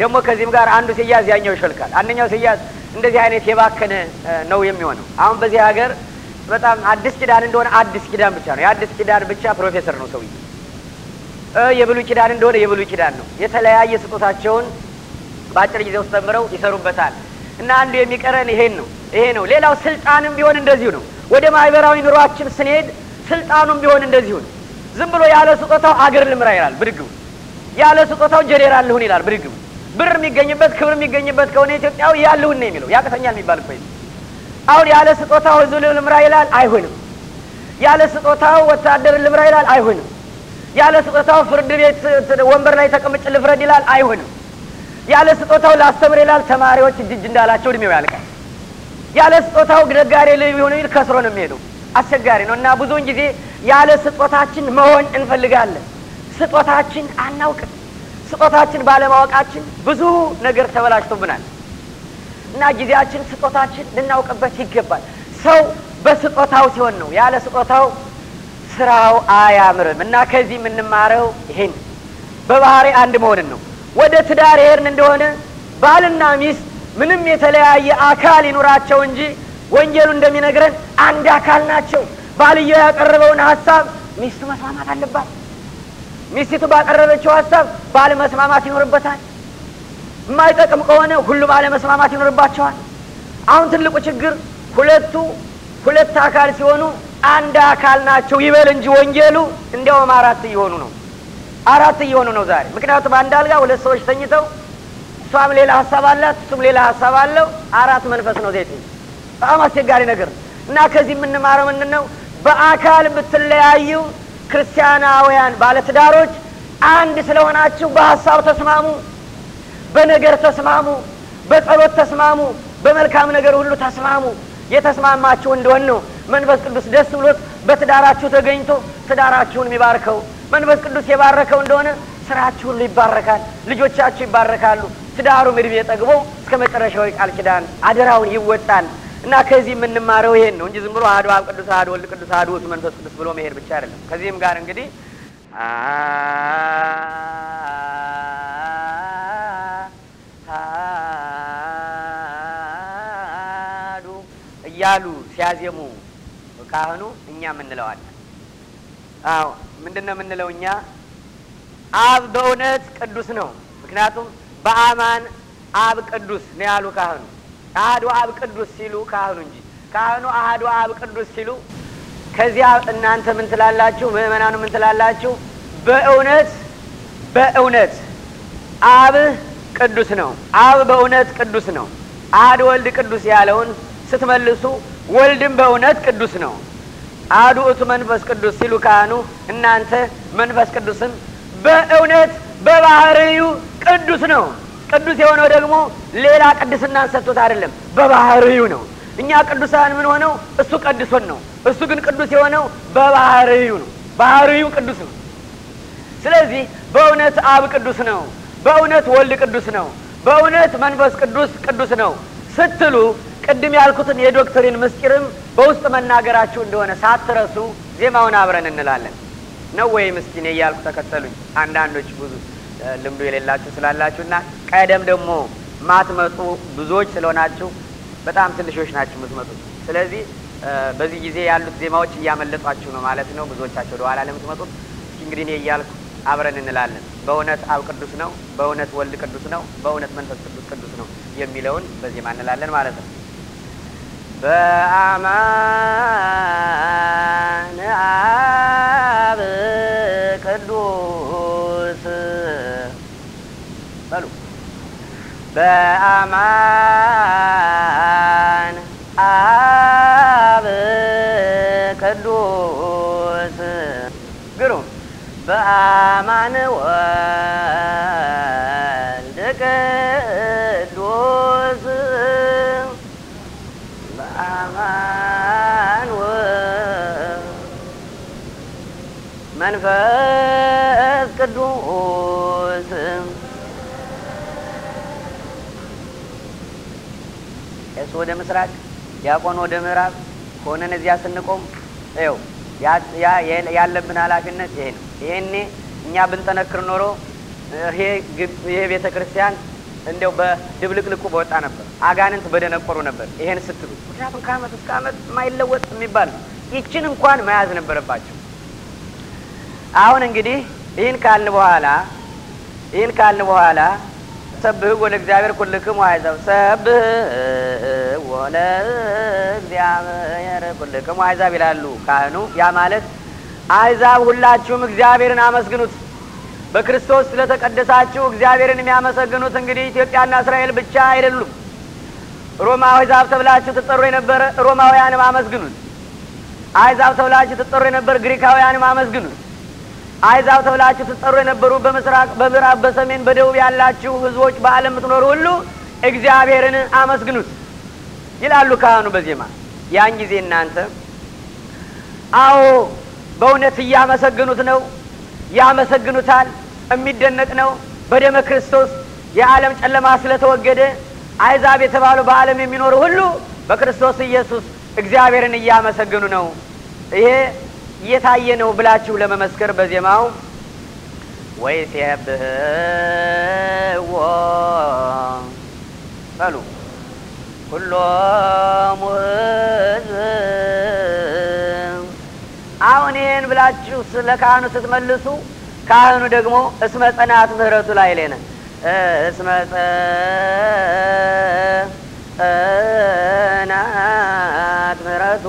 [SPEAKER 1] ደግሞ ከዚህም ጋር አንዱ ሲያዝ ያኛው ይሸልካል አንደኛው ሲያዝ እንደዚህ አይነት የባከነ ነው የሚሆነው። አሁን በዚህ ሀገር በጣም አዲስ ኪዳን እንደሆነ አዲስ ኪዳን ብቻ ነው የአዲስ ኪዳን ብቻ ፕሮፌሰር ነው ሰውዬ። የብሉይ ኪዳን እንደሆነ የብሉይ ኪዳን ነው። የተለያየ ስጦታቸውን በአጭር ጊዜ ውስጥ ተምረው ይሰሩበታል። እና አንዱ የሚቀረን ይሄን ነው ይሄ ነው። ሌላው ስልጣንም ቢሆን እንደዚሁ ነው። ወደ ማህበራዊ ኑሯችን ስንሄድ ስልጣኑም ቢሆን እንደዚሁ ነው። ዝም ብሎ ያለ ስጦታው አገር ልምራ ይላል ብድግም፣ ያለ ስጦታው ጀኔራል ልሁን ይላል ብድግም ብር የሚገኝበት ክብር የሚገኝበት ከሆነ ኢትዮጵያው ያልሁን ነው የሚለው ያቅተኛል የሚባል እኮ አሁን ያለ ስጦታው ህዝብ ልምራ ይላል፣ አይሆንም። ያለ ስጦታው ወታደር ልምራ ይላል፣ አይሆንም። ያለ ስጦታው ፍርድ ቤት ወንበር ላይ ተቀምጭ ልፍረድ ይላል፣ አይሆንም። ያለ ስጦታው ላስተምር ይላል፣ ተማሪዎች እጅ እጅ እንዳላቸው እድሜው ያልቃል። ያለ ስጦታው ነጋዴ ሊሆን ይል ከስሮ ነው የሚሄደው። አስቸጋሪ ነው እና ብዙውን ጊዜ ያለ ስጦታችን መሆን እንፈልጋለን። ስጦታችን አናውቅም። ስጦታችን ባለማወቃችን ብዙ ነገር ተበላሽቶብናል እና ጊዜያችን ስጦታችን ልናውቅበት ይገባል። ሰው በስጦታው ሲሆን ነው፣ ያለ ስጦታው ስራው አያምርም። እና ከዚህ የምንማረው ይሄን በባህሪ አንድ መሆንን ነው። ወደ ትዳር ሄርን እንደሆነ ባልና ሚስት ምንም የተለያየ አካል ይኑራቸው እንጂ ወንጀሉ እንደሚነግረን አንድ አካል ናቸው። ባልየው ያቀረበውን ሀሳብ ሚስቱ መስማማት አለባት። ሚስቲቱ ባቀረበችው ሀሳብ ባለመስማማት ይኖርበታል። የማይጠቅም ከሆነ ሁሉም አለመስማማት ይኖርባቸዋል። አሁን ትልቁ ችግር ሁለቱ ሁለት አካል ሲሆኑ አንድ አካል ናቸው ይበል እንጂ ወንጌሉ እንዲያውም አራት እየሆኑ ነው አራት እየሆኑ ነው ዛሬ። ምክንያቱም አንድ አልጋ ሁለት ሰዎች ተኝተው እሷም ሌላ ሀሳብ አላት እሱም ሌላ ሀሳብ አለው። አራት መንፈስ ነው ዜት በጣም አስቸጋሪ ነገር እና ከዚህ የምንማረው ምንድን ነው? በአካል ብትለያዩ ክርስቲያናውያን ባለትዳሮች አንድ ስለሆናችሁ በሀሳብ ተስማሙ፣ በነገር ተስማሙ፣ በጸሎት ተስማሙ፣ በመልካም ነገር ሁሉ ተስማሙ። የተስማማችሁ እንደሆን ነው መንፈስ ቅዱስ ደስ ብሎት በትዳራችሁ ተገኝቶ ትዳራችሁን የሚባርከው። መንፈስ ቅዱስ የባረከው እንደሆነ ስራችሁ ሁሉ ይባረካል፣ ልጆቻችሁ ይባረካሉ። ትዳሩ እድሜ ጠግቦ እስከ መጨረሻዊ ቃል ኪዳን አደራውን ይወጣል። እና ከዚህ የምንማረው ይሄን ነው እንጂ ዝም ብሎ አሐዱ አብ ቅዱስ አሐዱ ወልድ ቅዱስ አሐዱ ውእቱ መንፈስ ቅዱስ ብሎ መሄድ ብቻ አይደለም። ከዚህም ጋር እንግዲህ አሐዱ እያሉ ሲያዜሙ ካህኑ እኛ የምንለዋለን። አዎ ምንድን ነው የምንለው እኛ? አብ በእውነት ቅዱስ ነው። ምክንያቱም በአማን አብ ቅዱስ ነው ያሉ ካህኑ አህዱ አብ ቅዱስ ሲሉ ካህኑ እንጂ ካህኑ አህዱ አብ ቅዱስ ሲሉ ከዚያ እናንተ ምን ትላላችሁ? ምእመናኑ ምን ትላላችሁ? በእውነት በእውነት አብ ቅዱስ ነው። አብ በእውነት ቅዱስ ነው። አህድ ወልድ ቅዱስ ያለውን ስትመልሱ ወልድም በእውነት ቅዱስ ነው። አህዱ እቱ መንፈስ ቅዱስ ሲሉ ካህኑ እናንተ መንፈስ ቅዱስም በእውነት በባህርዩ ቅዱስ ነው ቅዱስ የሆነው ደግሞ ሌላ ቅድስናን ሰጥቶት አይደለም፣ በባህርዩ ነው። እኛ ቅዱሳን ምን ሆነው እሱ ቀድሶን ነው። እሱ ግን ቅዱስ የሆነው በባህርዩ ነው። ባህርዩ ቅዱስ ነው። ስለዚህ በእውነት አብ ቅዱስ ነው፣ በእውነት ወልድ ቅዱስ ነው፣ በእውነት መንፈስ ቅዱስ ቅዱስ ነው ስትሉ ቅድም ያልኩትን የዶክትሪን ምስጢርም በውስጥ መናገራችሁ እንደሆነ ሳትረሱ ዜማውን አብረን እንላለን። ነው ወይ ምስኪኔ እያልኩ ተከተሉኝ። አንዳንዶች ብዙ ልምዱ የሌላችሁ ስላላችሁ እና ቀደም ደግሞ ማትመጡ ብዙዎች ስለሆናችሁ በጣም ትንሾች ናችሁ የምትመጡት። ስለዚህ በዚህ ጊዜ ያሉት ዜማዎች እያመለጧችሁ ነው ማለት ነው ብዙዎቻቸው ወደኋላ ለምትመጡት። እንግዲህ እኔ እያልኩ አብረን እንላለን። በእውነት አብ ቅዱስ ነው፣ በእውነት ወልድ ቅዱስ ነው፣ በእውነት መንፈስ ቅዱስ ቅዱስ ነው የሚለውን በዜማ እንላለን ማለት ነው።
[SPEAKER 2] በአማን አብ ቅዱስ በአማን አብ ቅዱስ ግሩም በአማን ወ
[SPEAKER 1] ምስራቅ፣ ዲያቆን ወደ ምዕራብ ከሆነን እዚያ ስንቆም ው ያለብን ኃላፊነት ይሄ ነው። ይሄኔ እኛ ብንጠነክር ኖሮ ይሄ ቤተ ክርስቲያን እንዲያው በድብልቅልቁ በወጣ ነበር። አጋንንት በደነቆሩ ነበር። ይሄን ስትሉ ምክንያቱም ከአመት እስከ አመት የማይለወጥ የሚባል ነው። ይችን እንኳን መያዝ ነበረባቸው። አሁን እንግዲህ ይህን ካልን በኋላ ይህን ካልን በኋላ ሰብህ ወለ እግዚአብሔር ኩልክሙ አሕዛብ ሰብህ ወለ እግዚአብሔር ኩልክሙ አሕዛብ ይላሉ ካህኑ። ያ ማለት አሕዛብ ሁላችሁም እግዚአብሔርን አመስግኑት። በክርስቶስ ስለተቀደሳችሁ እግዚአብሔርን የሚያመሰግኑት እንግዲህ ኢትዮጵያና እስራኤል ብቻ አይደሉም። ሮማ አሕዛብ ተብላችሁ ትጠሩ የነበረ ሮማውያንም አመስግኑት። አሕዛብ ተብላችሁ ትጠሩ የነበር ግሪካውያንም አመስግኑት። አይዛብ ተብላችሁ ትጠሩ የነበሩ በምስራቅ፣ በምዕራብ፣ በሰሜን፣ በደቡብ ያላችሁ ህዝቦች በአለም የምትኖሩ ሁሉ እግዚአብሔርን አመስግኑት ይላሉ ካህኑ በዜማ። ያን ጊዜ እናንተ አዎ በእውነት እያመሰግኑት ነው፣ ያመሰግኑታል፣ የሚደነቅ ነው። በደመ ክርስቶስ የዓለም ጨለማ ስለተወገደ አይዛብ የተባሉ በዓለም የሚኖሩ ሁሉ በክርስቶስ ኢየሱስ እግዚአብሔርን እያመሰግኑ ነው። ይሄ የታየ ነው ብላችሁ ለመመስከር በዜማው ወይ ሲያብህዎ
[SPEAKER 2] በሉ ሁሎም ህዝብ አሁን
[SPEAKER 1] ይህን ብላችሁ ስለ ካህኑ ስትመልሱ ካህኑ ደግሞ እስመ ጸናት ምህረቱ ላይ ሌነ እስመ
[SPEAKER 2] ጸናት ምህረቱ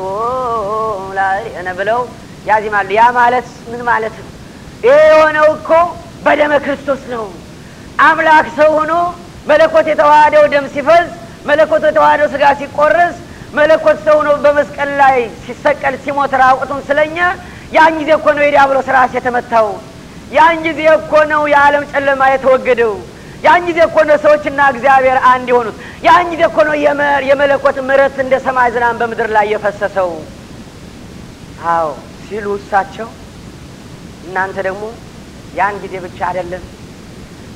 [SPEAKER 2] ላይ ብለው ያዚማሉ። ያ ማለት ምን ማለት ነው?
[SPEAKER 1] ይህ የሆነው እኮ በደመ ክርስቶስ ነው። አምላክ ሰው ሆኖ መለኮት የተዋህደው ደም ሲፈዝ፣ መለኮት የተዋህደው ስጋ ሲቆርስ፣ መለኮት ሰው ሆኖ በመስቀል ላይ ሲሰቀል ሲሞት ራቁቱን ስለኛ ያን ጊዜ እኮ ነው የዲያብሎስ ራስ የተመታው። ያን ጊዜ እኮ ነው የዓለም ጨለማ የተወገደው። ያን ጊዜ እኮ ነው ሰዎችና እግዚአብሔር አንድ የሆኑት። ያን ጊዜ እኮ ነው የመለኮት ምረት እንደ ሰማይ ዝናን በምድር ላይ የፈሰሰው። አዎ ሲሉ እሳቸው እናንተ ደግሞ ያን ጊዜ ብቻ አይደለም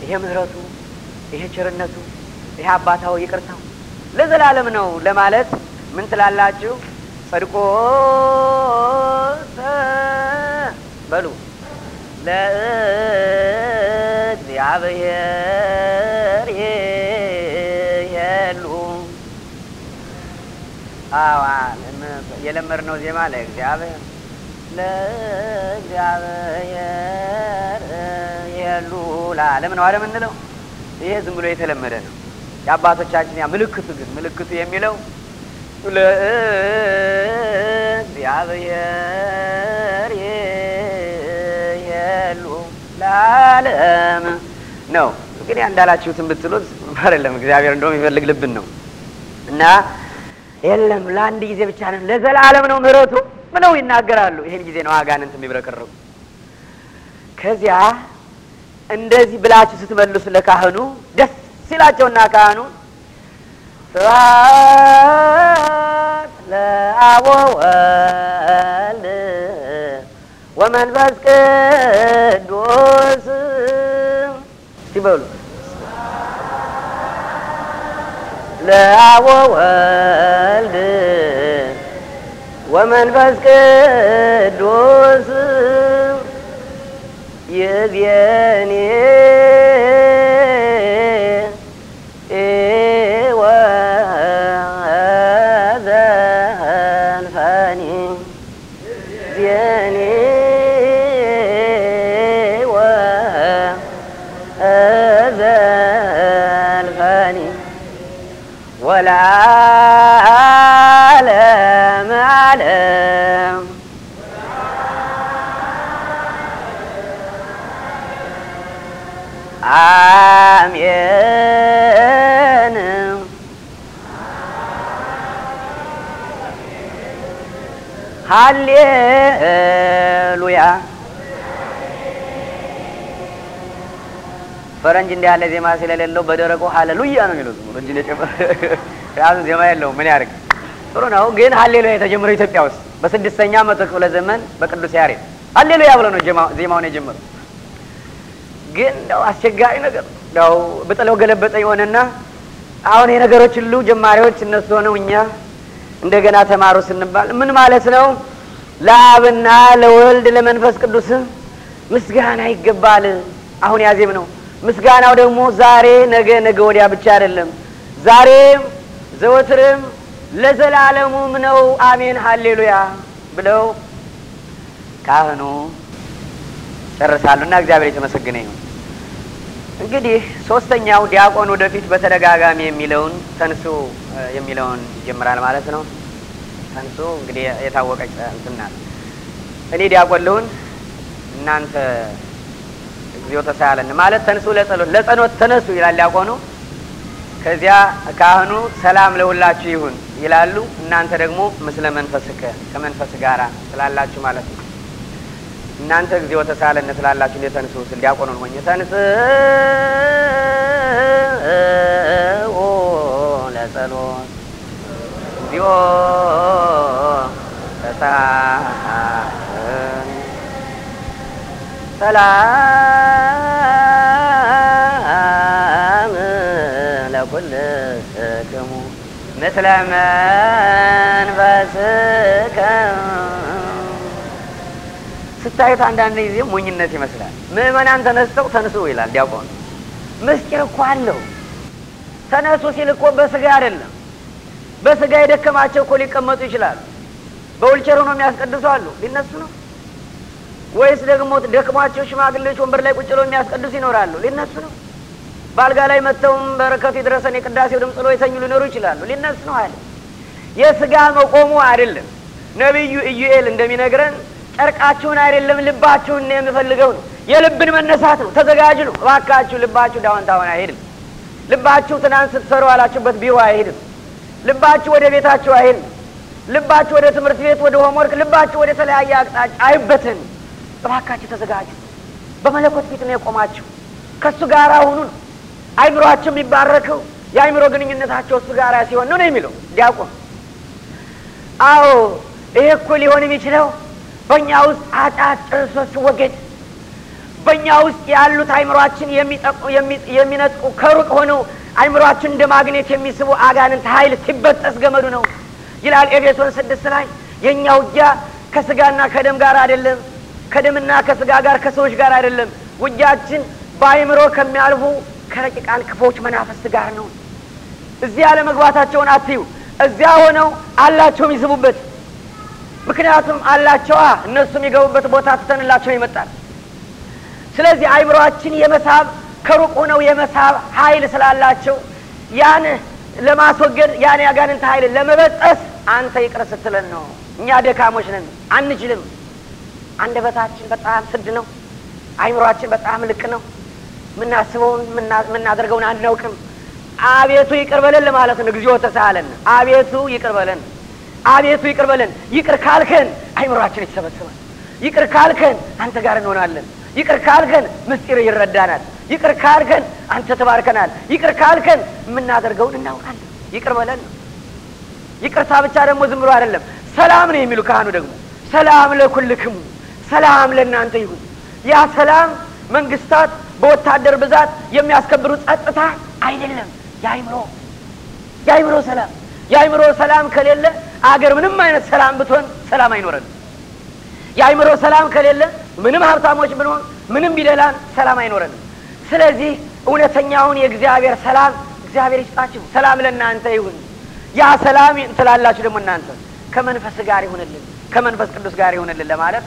[SPEAKER 1] ይሄ ምህረቱ ይሄ ቸርነቱ ይሄ አባታው ይቅርታው ለዘላለም ነው ለማለት ምን ትላላችሁ? ጽድቆ በሉ
[SPEAKER 2] ለእግዚአብሔር የሉ አዋ
[SPEAKER 1] ነው ዜማ ለእግዚአብሔር
[SPEAKER 2] ለእግዚአብሔር
[SPEAKER 1] ለዓለም ነው አለ ምንለው። ይሄ ዝም ብሎ የተለመደ ነው የአባቶቻችን። ያ ምልክቱ ግን ምልክቱ የሚለው
[SPEAKER 2] ለእግዚአብሔር የሉ ለዓለም
[SPEAKER 1] ነው። ግን እንዳላችሁትን ብትሉት አይደለም እግዚአብሔር እንደውም የሚፈልግ ልብን ነው እና የለም ለአንድ ጊዜ ብቻ ነው ለዘላለም ነው ምሕረቱ ብለው ይናገራሉ። ይሄን ጊዜ ነው አጋንንት የሚብረቀረቁ። ከዚያ እንደዚህ ብላችሁ ስትመልሱ ለካህኑ ደስ ሲላቸውና ካህኑ ስብሐት
[SPEAKER 2] ለአብ ወወልድ ወመንፈስ ቅዱስ ሲበሉ ለአብ ወመንፈስ ቅዱስ ይቤኔ ولا
[SPEAKER 1] ሃሌሉያ። ፈረንጅ እንዲህ ያለ ዜማ ስለሌለው በደረቁ ሃሌሉያ ነው የሚሉት። ፈረንጅ እንደጨመረ ያዙ ዜማ የለውም። ምን ያደርግ? ጥሩ ነው ግን ሃሌሉያ የተጀመረው ኢትዮጵያ ውስጥ በስድስተኛ መቶ ክፍለ ዘመን በቅዱስ ያሬድ ሃሌሉያ ብሎ ነው ዜማውን የጀመረው። ግን እንደው አስቸጋሪ ነገር እንደው ብጥለው ገለበጠ የሆነና አሁን የነገሮች ሁሉ ጀማሪዎች እነሱ ሆነው እኛ እንደገና ተማሩ ስንባል ምን ማለት ነው? ለአብና ለወልድ ለመንፈስ ቅዱስ ምስጋና ይገባል። አሁን ያዜም ነው። ምስጋናው ደግሞ ዛሬ፣ ነገ፣ ነገ ወዲያ ብቻ አይደለም። ዛሬም ዘወትርም ለዘላለሙም ነው። አሜን ሀሌሉያ ብለው ካህኑ ጨርሳሉና እግዚአብሔር የተመሰገነ ይሁን። እንግዲህ ሶስተኛው ዲያቆን ወደፊት በተደጋጋሚ የሚለውን ተንሱ የሚለውን ይጀምራል ማለት ነው። እንሱ እንግዲህ የታወቀች እንትን ናት። እኔ ዲያቆን ልሁን እናንተ እግዚኦ ተሳያለን ማለት ተንሱ ለጸሎት ለጸሎት ተነሱ ይላል ዲያቆኑ። ከዚያ ካህኑ ሰላም ለሁላችሁ ይሁን ይላሉ። እናንተ ደግሞ ምስለ መንፈስከ ከመንፈስ ጋር ስላላችሁ ማለት ነው። እናንተ እግዚኦ ተሳያለን ስላላችሁ እንደ ተንሱ ስል ዲያቆኑን ሆኜ ተንስ
[SPEAKER 2] ለጸሎት โยตาสลา
[SPEAKER 1] አንዳንድ ጊዜ ሞኝነት ይመስላል። ምእመናን ተነስተው ተንሱ ይላል ዲያቆን ምስጢር እኮ አለው። ተነሱ ሲል እኮ በስጋ አይደለም በስጋ የደከማቸው እኮ ሊቀመጡ ይችላሉ። በውልቸር ሆኖ የሚያስቀድሱ አሉ። ሊነሱ ነው ወይስ ደግሞ ደክሟቸው ሽማግሌዎች ወንበር ላይ ቁጭ ብለው የሚያስቀድሱ ይኖራሉ። ሊነሱ ነው። በአልጋ ላይ መጥተውም በረከቱ የደረሰን የቅዳሴው ድምፅ ብለው የተኙ ሊኖሩ ይችላሉ። ሊነሱ ነው አለ። የስጋ መቆሙ አይደለም። ነቢዩ ኢዩኤል እንደሚነግረን ጨርቃችሁን አይደለም ልባችሁን የምፈልገው ነው። የልብን መነሳት ነው። ተዘጋጅ ነው። እባካችሁ ልባችሁ ዳውንታውን አይሄድም። ልባችሁ ትናንት ስትሰሩ አላችሁበት ቢሮ አይሄድም። ልባችሁ ወደ ቤታችሁ አይል፣ ልባችሁ ወደ ትምህርት ቤት፣ ወደ ሆምወርክ፣ ልባችሁ ወደ ተለያየ አቅጣጫ አይበትን። እባካችሁ ተዘጋጁ። በመለኮት ፊት ነው የቆማችሁ። ከእሱ ጋር ሁኑ ነው። አይምሮአቸው የሚባረከው የአይምሮ ግንኙነታቸው እሱ ጋር ሲሆን ነው ነው የሚለው ዲያቆን። አዎ ይህ እኮ ሊሆን የሚችለው በእኛ ውስጥ ኃጢአት ጨርሶ ወገድ በእኛ ውስጥ ያሉት አይምሯችን የሚጠቁ የሚነጥቁ ከሩቅ ሆነው አይምሯችን እንደ ማግኔት የሚስቡ አጋንንት ኃይል ሲበጠስ ገመዱ ነው ይላል ኤፌሶን ስድስት ላይ የእኛ ውጊያ ከስጋና ከደም ጋር አይደለም፣ ከደምና ከስጋ ጋር ከሰዎች ጋር አይደለም። ውጊያችን በአይምሮ ከሚያልፉ ከረቂቃን ክፎች መናፈስ ጋር ነው። እዚያ ለመግባታቸውን አትዩ። እዚያ ሆነው አላቸውም ይስቡበት። ምክንያቱም አላቸዋ እነሱም የገቡበት ቦታ ትተንላቸው ይመጣል። ስለዚህ አይምሯችን የመሳብ ከሩቅ ሆነው የመሳብ ኃይል ስላላቸው ያን ለማስወገድ ያን ያጋንንት ኃይል ለመበጠስ አንተ ይቅር ስትለን ነው። እኛ ደካሞች ነን፣ አንችልም። አንደበታችን በጣም ስድ ነው። አይምሯችን በጣም ልቅ ነው። የምናስበውን የምናደርገውን አናውቅም። አቤቱ ይቅር በለን ለማለት ነው። እግዚኦ ተሳለን። አቤቱ ይቅር በለን፣ አቤቱ ይቅር በለን። ይቅር ካልከን አይምሯችን ይሰበስባል። ይቅር ካልከን አንተ ጋር እንሆናለን። ይቅር ካልከን ምስጢር ይረዳናል። ይቅር ካልከን አንተ ተባርከናል። ይቅር ካልከን የምናደርገውን እናውቃለን። ይቅር በለን ነው። ይቅርታ ብቻ ደግሞ ዝም ብሎ አይደለም፣ ሰላም ነው የሚሉ ካህኑ ደግሞ ሰላም ለኩልክሙ፣ ሰላም ለእናንተ ይሁን። ያ ሰላም መንግስታት በወታደር ብዛት የሚያስከብሩ ጸጥታ አይደለም፣ የአይምሮ የአይምሮ ሰላም። የአይምሮ ሰላም ከሌለ አገር ምንም አይነት ሰላም ብትሆን ሰላም አይኖረን የአይምሮ ሰላም ከሌለ ምንም ሀብታሞች ብንሆን ምንም ቢደላን ሰላም አይኖረንም። ስለዚህ እውነተኛውን የእግዚአብሔር ሰላም እግዚአብሔር ይስጣችሁ፣ ሰላም ለእናንተ ይሁን። ያ ሰላም ትላላችሁ ደግሞ እናንተ ከመንፈስ ጋር ይሁንልን፣ ከመንፈስ ቅዱስ ጋር ይሁንልን ለማለት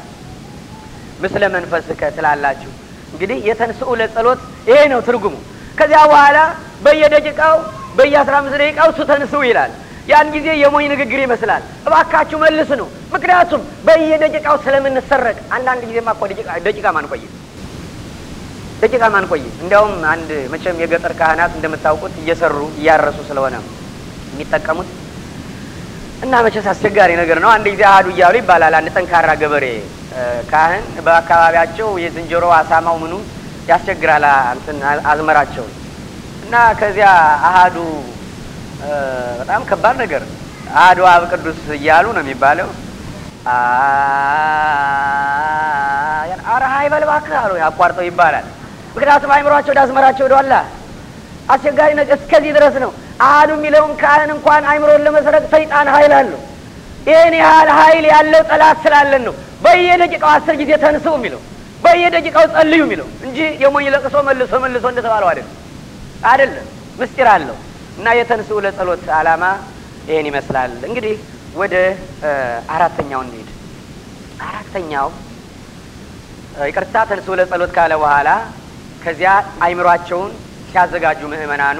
[SPEAKER 1] ምስለ መንፈስ ትላላችሁ። እንግዲህ የተንስኡ ለጸሎት ይሄ ነው ትርጉሙ። ከዚያ በኋላ በየደቂቃው በየአስራ አምስት ደቂቃው እሱ ተንስኡ ይላል። ያን ጊዜ የሞኝ ንግግር ይመስላል። እባካችሁ መልስ ነው። ምክንያቱም በየደቂቃው ስለምንሰረቅ አንዳንድ ጊዜ ማ ደቂቃ ማንቆይ ደቂቃ ማንቆይ። እንዲያውም አንድ መቼም የገጠር ካህናት እንደምታውቁት እየሰሩ እያረሱ ስለሆነ የሚጠቀሙት እና መቼስ አስቸጋሪ ነገር ነው። አንድ ጊዜ አህዱ እያሉ ይባላል። አንድ ጠንካራ ገበሬ ካህን በአካባቢያቸው የዝንጀሮ አሳማው ምኑ ያስቸግራል አዝመራቸው እና ከዚያ አህዱ በጣም ከባድ ነገር አድዋ አብ ቅዱስ እያሉ ነው የሚባለው። አረሃ ይበል እባክህ አሉ አቋርጠው ይባላል። ምክንያቱም አይምሯቸው ወደ አዝመራቸው ወደኋላ አስቸጋሪ ነገር እስከዚህ ድረስ ነው። አህዱ የሚለውን ካህን እንኳን አይምሮን ለመሰረቅ ሰይጣን ኃይል አለው። ይህን ያህል ኃይል ያለው ጠላት ስላለን ነው በየደቂቃው አስር ጊዜ ተንስው የሚለው በየደቂቃው ጸልዩ የሚለው እንጂ የሞኝ ለቅሶ መልሶ መልሶ እንደተባለው አይደለም። አይደለም ምስጢር አለው። እና የተንስኡ ለጸሎት አላማ ይህን ይመስላል። እንግዲህ ወደ አራተኛው እንሄድ። አራተኛው ይቅርታ፣ ተንስኡ ለጸሎት ካለ በኋላ ከዚያ አይምሯቸውን ሲያዘጋጁ ምእመናኑ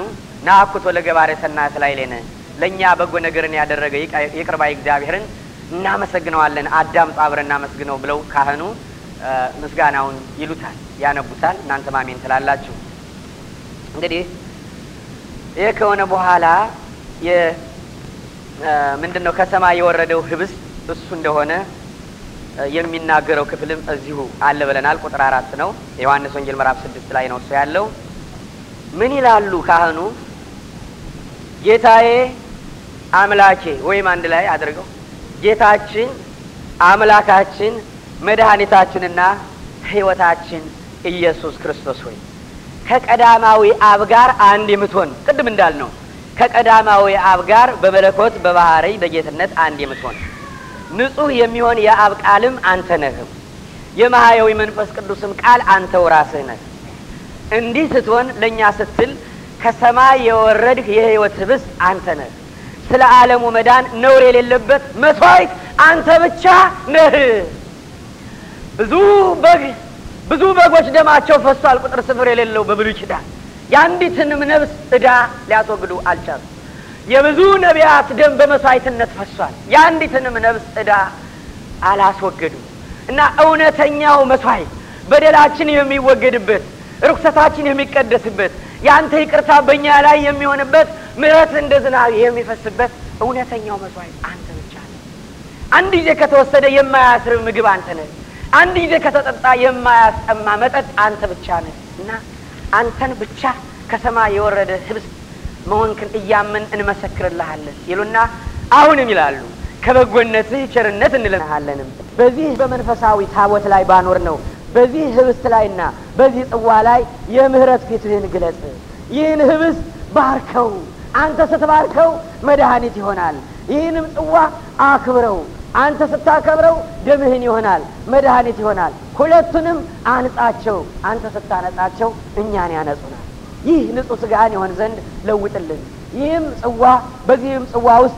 [SPEAKER 1] ናአኩቶ ለገባሬ ሰናያት ላዕሌነ ለእኛ በጎ ነገርን ያደረገ ይቅር እግዚአብሔርን እናመሰግነዋለን፣ አዳምጡ፣ አብረን እናመስግነው ብለው ካህኑ ምስጋናውን ይሉታል፣ ያነቡታል። እናንተ ማሜን ትላላችሁ። እንግዲህ ይሄ ከሆነ በኋላ ምንድን ነው ከሰማይ የወረደው ህብስት እሱ እንደሆነ የሚናገረው ክፍልም እዚሁ አለ ብለናል። ቁጥር አራት ነው የዮሐንስ ወንጌል ምዕራፍ ስድስት ላይ ነው እሱ ያለው። ምን ይላሉ ካህኑ? ጌታዬ አምላኬ፣ ወይም አንድ ላይ አድርገው ጌታችን አምላካችን መድኃኒታችንና ህይወታችን ኢየሱስ ክርስቶስ ሆይ ከቀዳማዊ አብ ጋር አንድ የምትሆን ቅድም ነው ከቀዳማዊ አብ ጋር በመለኮት በባህሪ በጌትነት አንድ የምትሆን ንጹህ የሚሆን የአብ ቃልም አንተ ነህ። የመሀያዊ መንፈስ ቅዱስም ቃል አንተው ራስህ ነህ። እንዲህ ስትሆን ለእኛ ስትል ከሰማይ የወረድህ የህይወት ህብስት አንተ ነህ። ስለ ዓለሙ መዳን ነውር የሌለበት መስዋዕት አንተ ብቻ ነህ። ብዙ በግ ብዙ በጎች ደማቸው ፈሷል፣ ቁጥር ስፍር የሌለው በብሉይ ኪዳን የአንዲትንም ነፍስ እዳ ሊያስወግዱ አልቻሉ። የብዙ ነቢያት ደም በመስዋዕትነት ፈሷል፣ የአንዲትንም ነብስ እዳ አላስወገዱ እና እውነተኛው መስዋዕት በደላችን የሚወገድበት ርኩሰታችን የሚቀደስበት የአንተ ይቅርታ በእኛ ላይ የሚሆንበት ምሕረት እንደ ዝናብ የሚፈስበት እውነተኛው መስዋዕት አንተ ብቻ ነህ። አንድ ጊዜ ከተወሰደ የማያስርብ ምግብ አንተ ነህ። አንድ ጊዜ ከተጠጣ የማያስጠማ መጠጥ አንተ ብቻ ነህ እና አንተን ብቻ ከሰማይ የወረደ ህብስት መሆንክን እያምን እንመሰክርልሃለን ይሉና አሁንም ይላሉ ከበጎነትህ ቸርነት እንልናሃለንም በዚህ በመንፈሳዊ ታቦት ላይ ባኖር ነው በዚህ ህብስት ላይና በዚህ ጽዋ ላይ የምህረት ፊትህን ግለጽ። ይህን ህብስ ባርከው፣ አንተ ስትባርከው መድኃኒት ይሆናል። ይህንም ጽዋ አክብረው አንተ ስታከብረው ደምህን ይሆናል፣ መድኃኒት ይሆናል። ሁለቱንም አንጻቸው። አንተ ስታነጻቸው እኛን ያነጹናል። ይህ ንጹህ ስጋን ይሆን ዘንድ ለውጥልን። ይህም ጽዋ በዚህም ጽዋ ውስጥ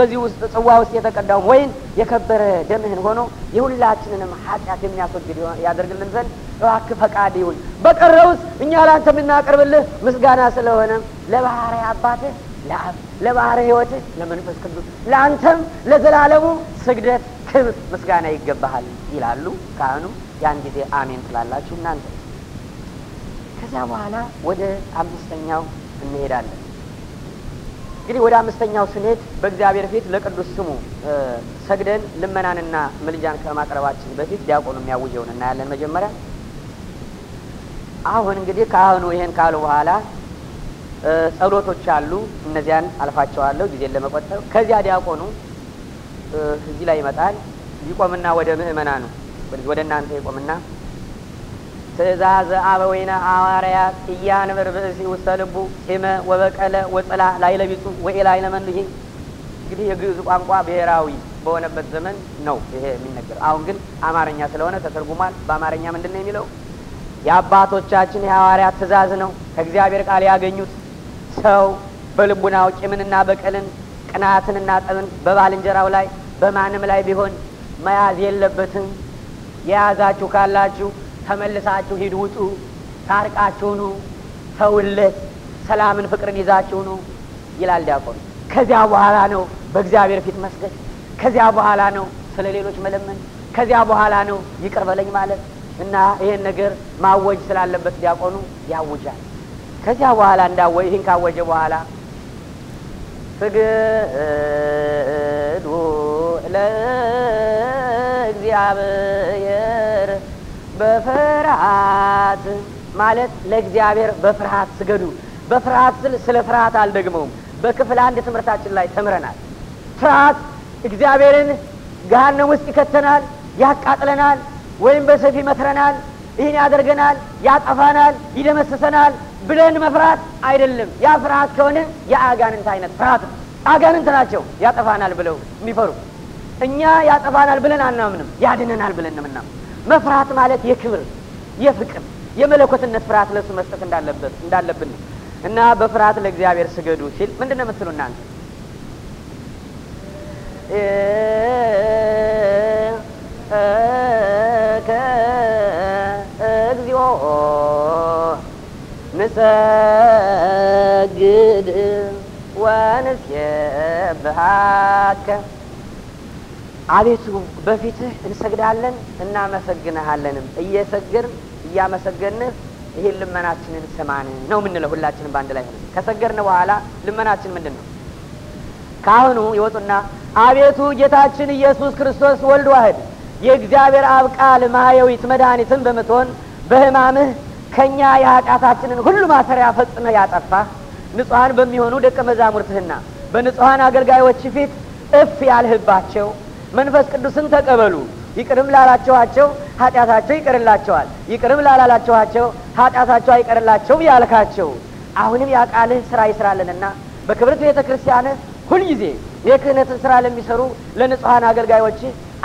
[SPEAKER 1] በዚህ ውስጥ ጽዋ ውስጥ የተቀዳውም ወይን የከበረ ደምህን ሆኖ የሁላችንንም ኃጢአት የሚያስወግድ ያደርግልን ዘንድ እባክህ ፈቃድ ይሁን። በቀረውስ እኛ ላንተ የምናቀርብልህ ምስጋና ስለሆነ ለባህሪ አባትህ ለአብ ለባህረ ህይወት ለመንፈስ ቅዱስ ለአንተም ለዘላለሙ ስግደት፣ ክብር፣ ምስጋና ይገባሃል ይላሉ ካህኑ። ያን ጊዜ አሜን ትላላችሁ እናንተ። ከዚያ በኋላ ወደ አምስተኛው እንሄዳለን። እንግዲህ ወደ አምስተኛው ስንሄድ በእግዚአብሔር ፊት ለቅዱስ ስሙ ሰግደን ልመናንና ምልጃን ከማቅረባችን በፊት ዲያቆኑ የሚያውጀውን እናያለን። መጀመሪያ አሁን እንግዲህ ካህኑ ይህን ካሉ በኋላ ጸሎቶች አሉ። እነዚያን አልፋቸዋለሁ ጊዜን ለመቆጠብ። ከዚያ ዲያቆኑ እዚህ ላይ ይመጣል። ይቆምና ወደ ምእመና ነው ወደ እናንተ ይቆምና ትእዛዘ አበዊነ ሐዋርያት ኢያንብር ብእሲ ውስተ ልቡ ሲመ ወበቀለ ወጽላ ላዕለ ወይ ላይ መንሂ። እንግዲህ የግዕዙ ቋንቋ ብሔራዊ በሆነበት ዘመን ነው ይሄ የሚነገር። አሁን ግን አማርኛ ስለሆነ ተተርጉሟል። በአማርኛ ምንድን ነው የሚለው? የአባቶቻችን የሐዋርያት ትእዛዝ ነው ከእግዚአብሔር ቃል ያገኙት ሰው በልቡናው ቂምንና በቀልን ቅናትንና ጠብን በባልንጀራው ላይ በማንም ላይ ቢሆን መያዝ የለበትም። የያዛችሁ ካላችሁ ተመልሳችሁ ሂድ፣ ውጡ፣ ታርቃችሁኑ ኑ፣ ተውለት፣ ሰላምን ፍቅርን ይዛችሁኑ ይላል ዲያቆን ከዚያ በኋላ ነው በእግዚአብሔር ፊት መስገድ። ከዚያ በኋላ ነው ስለ ሌሎች መለመን። ከዚያ በኋላ ነው ይቅር በለኝ ማለት እና ይህን ነገር ማወጅ ስላለበት ዲያቆኑ ያውጃል። ከዚያ በኋላ እንዳወ ይህን ካወጀ በኋላ
[SPEAKER 2] ስግዱ ለእግዚአብሔር
[SPEAKER 1] በፍርሃት ማለት ለእግዚአብሔር በፍርሃት ስገዱ። በፍርሃት ስል ስለ ፍርሃት አልደግመውም። በክፍል አንድ ትምህርታችን ላይ ተምረናል። ፍርሃት እግዚአብሔርን ገሃነም ውስጥ ይከተናል፣ ያቃጥለናል፣ ወይም በሰፊ መትረናል፣ ይህን ያደርገናል፣ ያጠፋናል፣ ይደመስሰናል ብለን መፍራት አይደለም። ያ ፍርሃት ከሆነ የአጋንንት አይነት ፍርሃት ነው። አጋንንት ናቸው ያጠፋናል ብለው የሚፈሩ። እኛ ያጠፋናል ብለን አናምንም፣ ያድነናል ብለን ነው መፍራት ማለት የክብር የፍቅር የመለኮትነት ፍርሃት ለሱ መስጠት እንዳለበት እንዳለብን ነው። እና በፍርሃት ለእግዚአብሔር ስገዱ ሲል ምንድን ነው የምትሉ እናንተ?
[SPEAKER 2] እግዚኦ ብሰግድ
[SPEAKER 1] ወንስየ አቤቱ በፊትህ እንሰግዳለን እናመሰግንሃለንም እየሰግር እያመሰገንህ ይሄን ልመናችንን ስማን ነው የምንለው። ሁላችንም በአንድ ላይ ሆነን ከሰገርን በኋላ ልመናችን ምንድን ነው? ካህኑ ይወጡና አቤቱ ጌታችን ኢየሱስ ክርስቶስ ወልድ ዋህድ የእግዚአብሔር አብ ቃል ማህየዊት መድኃኒትን በምትሆን በህማምህ ከእኛ የኃጢአታችንን ሁሉ ማሰሪያ ፈጽመ ያጠፋ ንጹሐን በሚሆኑ ደቀ መዛሙርትህና በንጹሐን አገልጋዮች ፊት እፍ ያልህባቸው መንፈስ ቅዱስን ተቀበሉ። ይቅርም ላላችኋቸው ኃጢአታቸው ይቀርላቸዋል፣ ይቅርም ላላላችኋቸው ኃጢአታቸው አይቀርላቸውም ያልካቸው አሁንም ያቃልህ ስራ ይስራልንና በክብርት ቤተ ክርስቲያንህ ሁልጊዜ የክህነትን ስራ ለሚሰሩ ለንጹሐን አገልጋዮች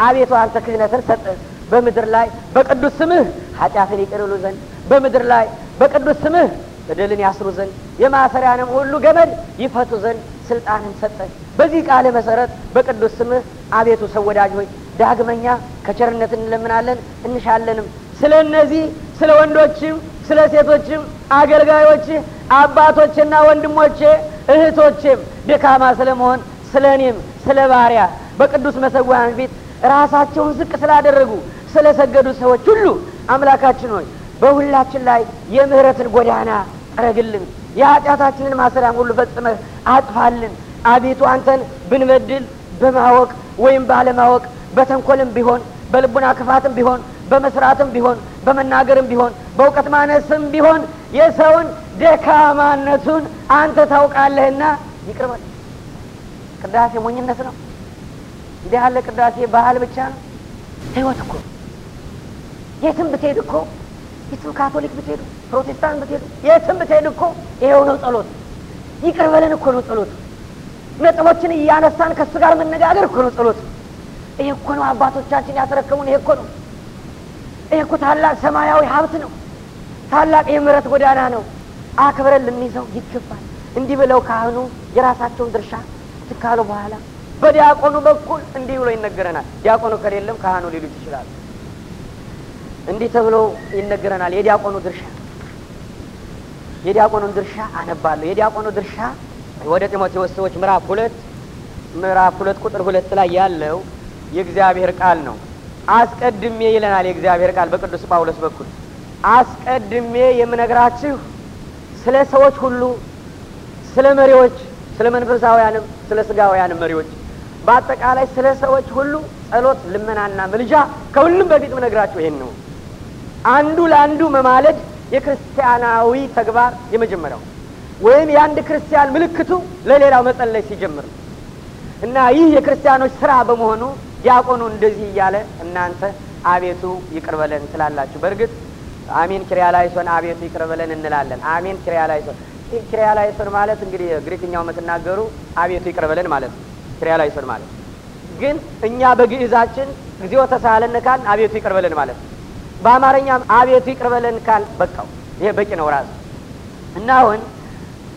[SPEAKER 1] አቤቱ አንተ ክህነትን ሰጥህ በምድር ላይ በቅዱስ ስምህ ኃጢአትን ይቅር ይሉ ዘንድ በምድር ላይ በቅዱስ ስምህ በደልን ያስሩ ዘንድ የማሰሪያንም ሁሉ ገመድ ይፈቱ ዘንድ ስልጣንን ሰጠን። በዚህ ቃል መሰረት በቅዱስ ስምህ አቤቱ ሰው ወዳጅ ሆይ ዳግመኛ ከቸርነት እንለምናለን እንሻለንም። ስለ እነዚህ ስለ ወንዶችም ስለ ሴቶችም አገልጋዮች አባቶችና ወንድሞቼ እህቶቼም ደካማ ስለመሆን ስለ እኔም ስለ ባሪያ በቅዱስ መሰዊያን ፊት ራሳቸውን ዝቅ ስላደረጉ ስለ ሰገዱ ሰዎች ሁሉ አምላካችን ሆይ በሁላችን ላይ የምህረትን ጎዳና ጥረግልን፣ የኃጢአታችንን ማሰሪያም ሁሉ ፈጽመህ አጥፋልን። አቤቱ አንተን ብንበድል በማወቅ ወይም ባለማወቅ በተንኮልም ቢሆን በልቡና ክፋትም ቢሆን በመስራትም ቢሆን በመናገርም ቢሆን በእውቀት ማነስም ቢሆን የሰውን ደካማነቱን አንተ ታውቃለህና ይቅርበል ቅዳሴ ሞኝነት ነው። እንዲህ ያለ ቅዳሴ ባህል ብቻ ነው። ህይወት እኮ የትም ብትሄድ እኮ ይትም ካቶሊክ ብትሄዱ ፕሮቴስታንት ብትሄዱ የትም ብትሄዱ እኮ ይሄው ነው ጸሎት። ይቅር በለን እኮ ነው ጸሎት። ነጥቦችን እያነሳን ከእሱ ጋር መነጋገር እኮ ነው ጸሎት። ይህ እኮ ነው አባቶቻችን ያስረከሙን ይሄ እኮ ነው። ይህ እኮ ታላቅ ሰማያዊ ሀብት ነው። ታላቅ የምረት ጎዳና ነው። አክብረን ልንይዘው ይገባል። እንዲህ ብለው ካህኑ የራሳቸውን ድርሻ ትካሉ በኋላ በዲያቆኑ በኩል እንዲህ ብሎ ይነገረናል። ዲያቆኑ ከሌለም ካህኑ ሊሉት ይችላሉ። እንዲህ ተብሎ ይነገረናል። የዲያቆኑ ድርሻ የዲያቆኑን ድርሻ አነባለሁ። የዲያቆኑ ድርሻ ወደ ጢሞቴዎስ ሰዎች ምዕራፍ ሁለት ምዕራፍ ሁለት ቁጥር ሁለት ላይ ያለው የእግዚአብሔር ቃል ነው። አስቀድሜ ይለናል የእግዚአብሔር ቃል በቅዱስ ጳውሎስ በኩል አስቀድሜ የምነግራችሁ ስለ ሰዎች ሁሉ፣ ስለ መሪዎች፣ ስለ መንፈሳውያንም ስለ ስጋውያንም መሪዎች በአጠቃላይ ስለ ሰዎች ሁሉ ጸሎት፣ ልመናና ምልጃ ከሁሉም በፊት ምነግራችሁ ይሄን ነው። አንዱ ለአንዱ መማለድ የክርስቲያናዊ ተግባር የመጀመሪያው ወይም የአንድ ክርስቲያን ምልክቱ ለሌላው መጸለይ ሲጀምር ነው እና ይህ የክርስቲያኖች ስራ በመሆኑ ዲያቆኑ እንደዚህ እያለ እናንተ አቤቱ ይቅር በለን ትላላችሁ። በእርግጥ አሜን ኪርያላይሶን አቤቱ ይቅር በለን እንላለን። አሜን ኪርያላይሶን ኪርያላይሶን ማለት እንግዲህ ግሪክኛው የምትናገሩ አቤቱ ይቅር በለን ማለት ነው። ኪርያላይሶን ማለት ግን እኛ በግዕዛችን ጊዜው ተሳለነካል አቤቱ ይቅር በለን ማለት ነው። በአማርኛም አቤቱ ይቅርበለን ካል በቃው ይሄ በቂ ነው ራሱ እና አሁን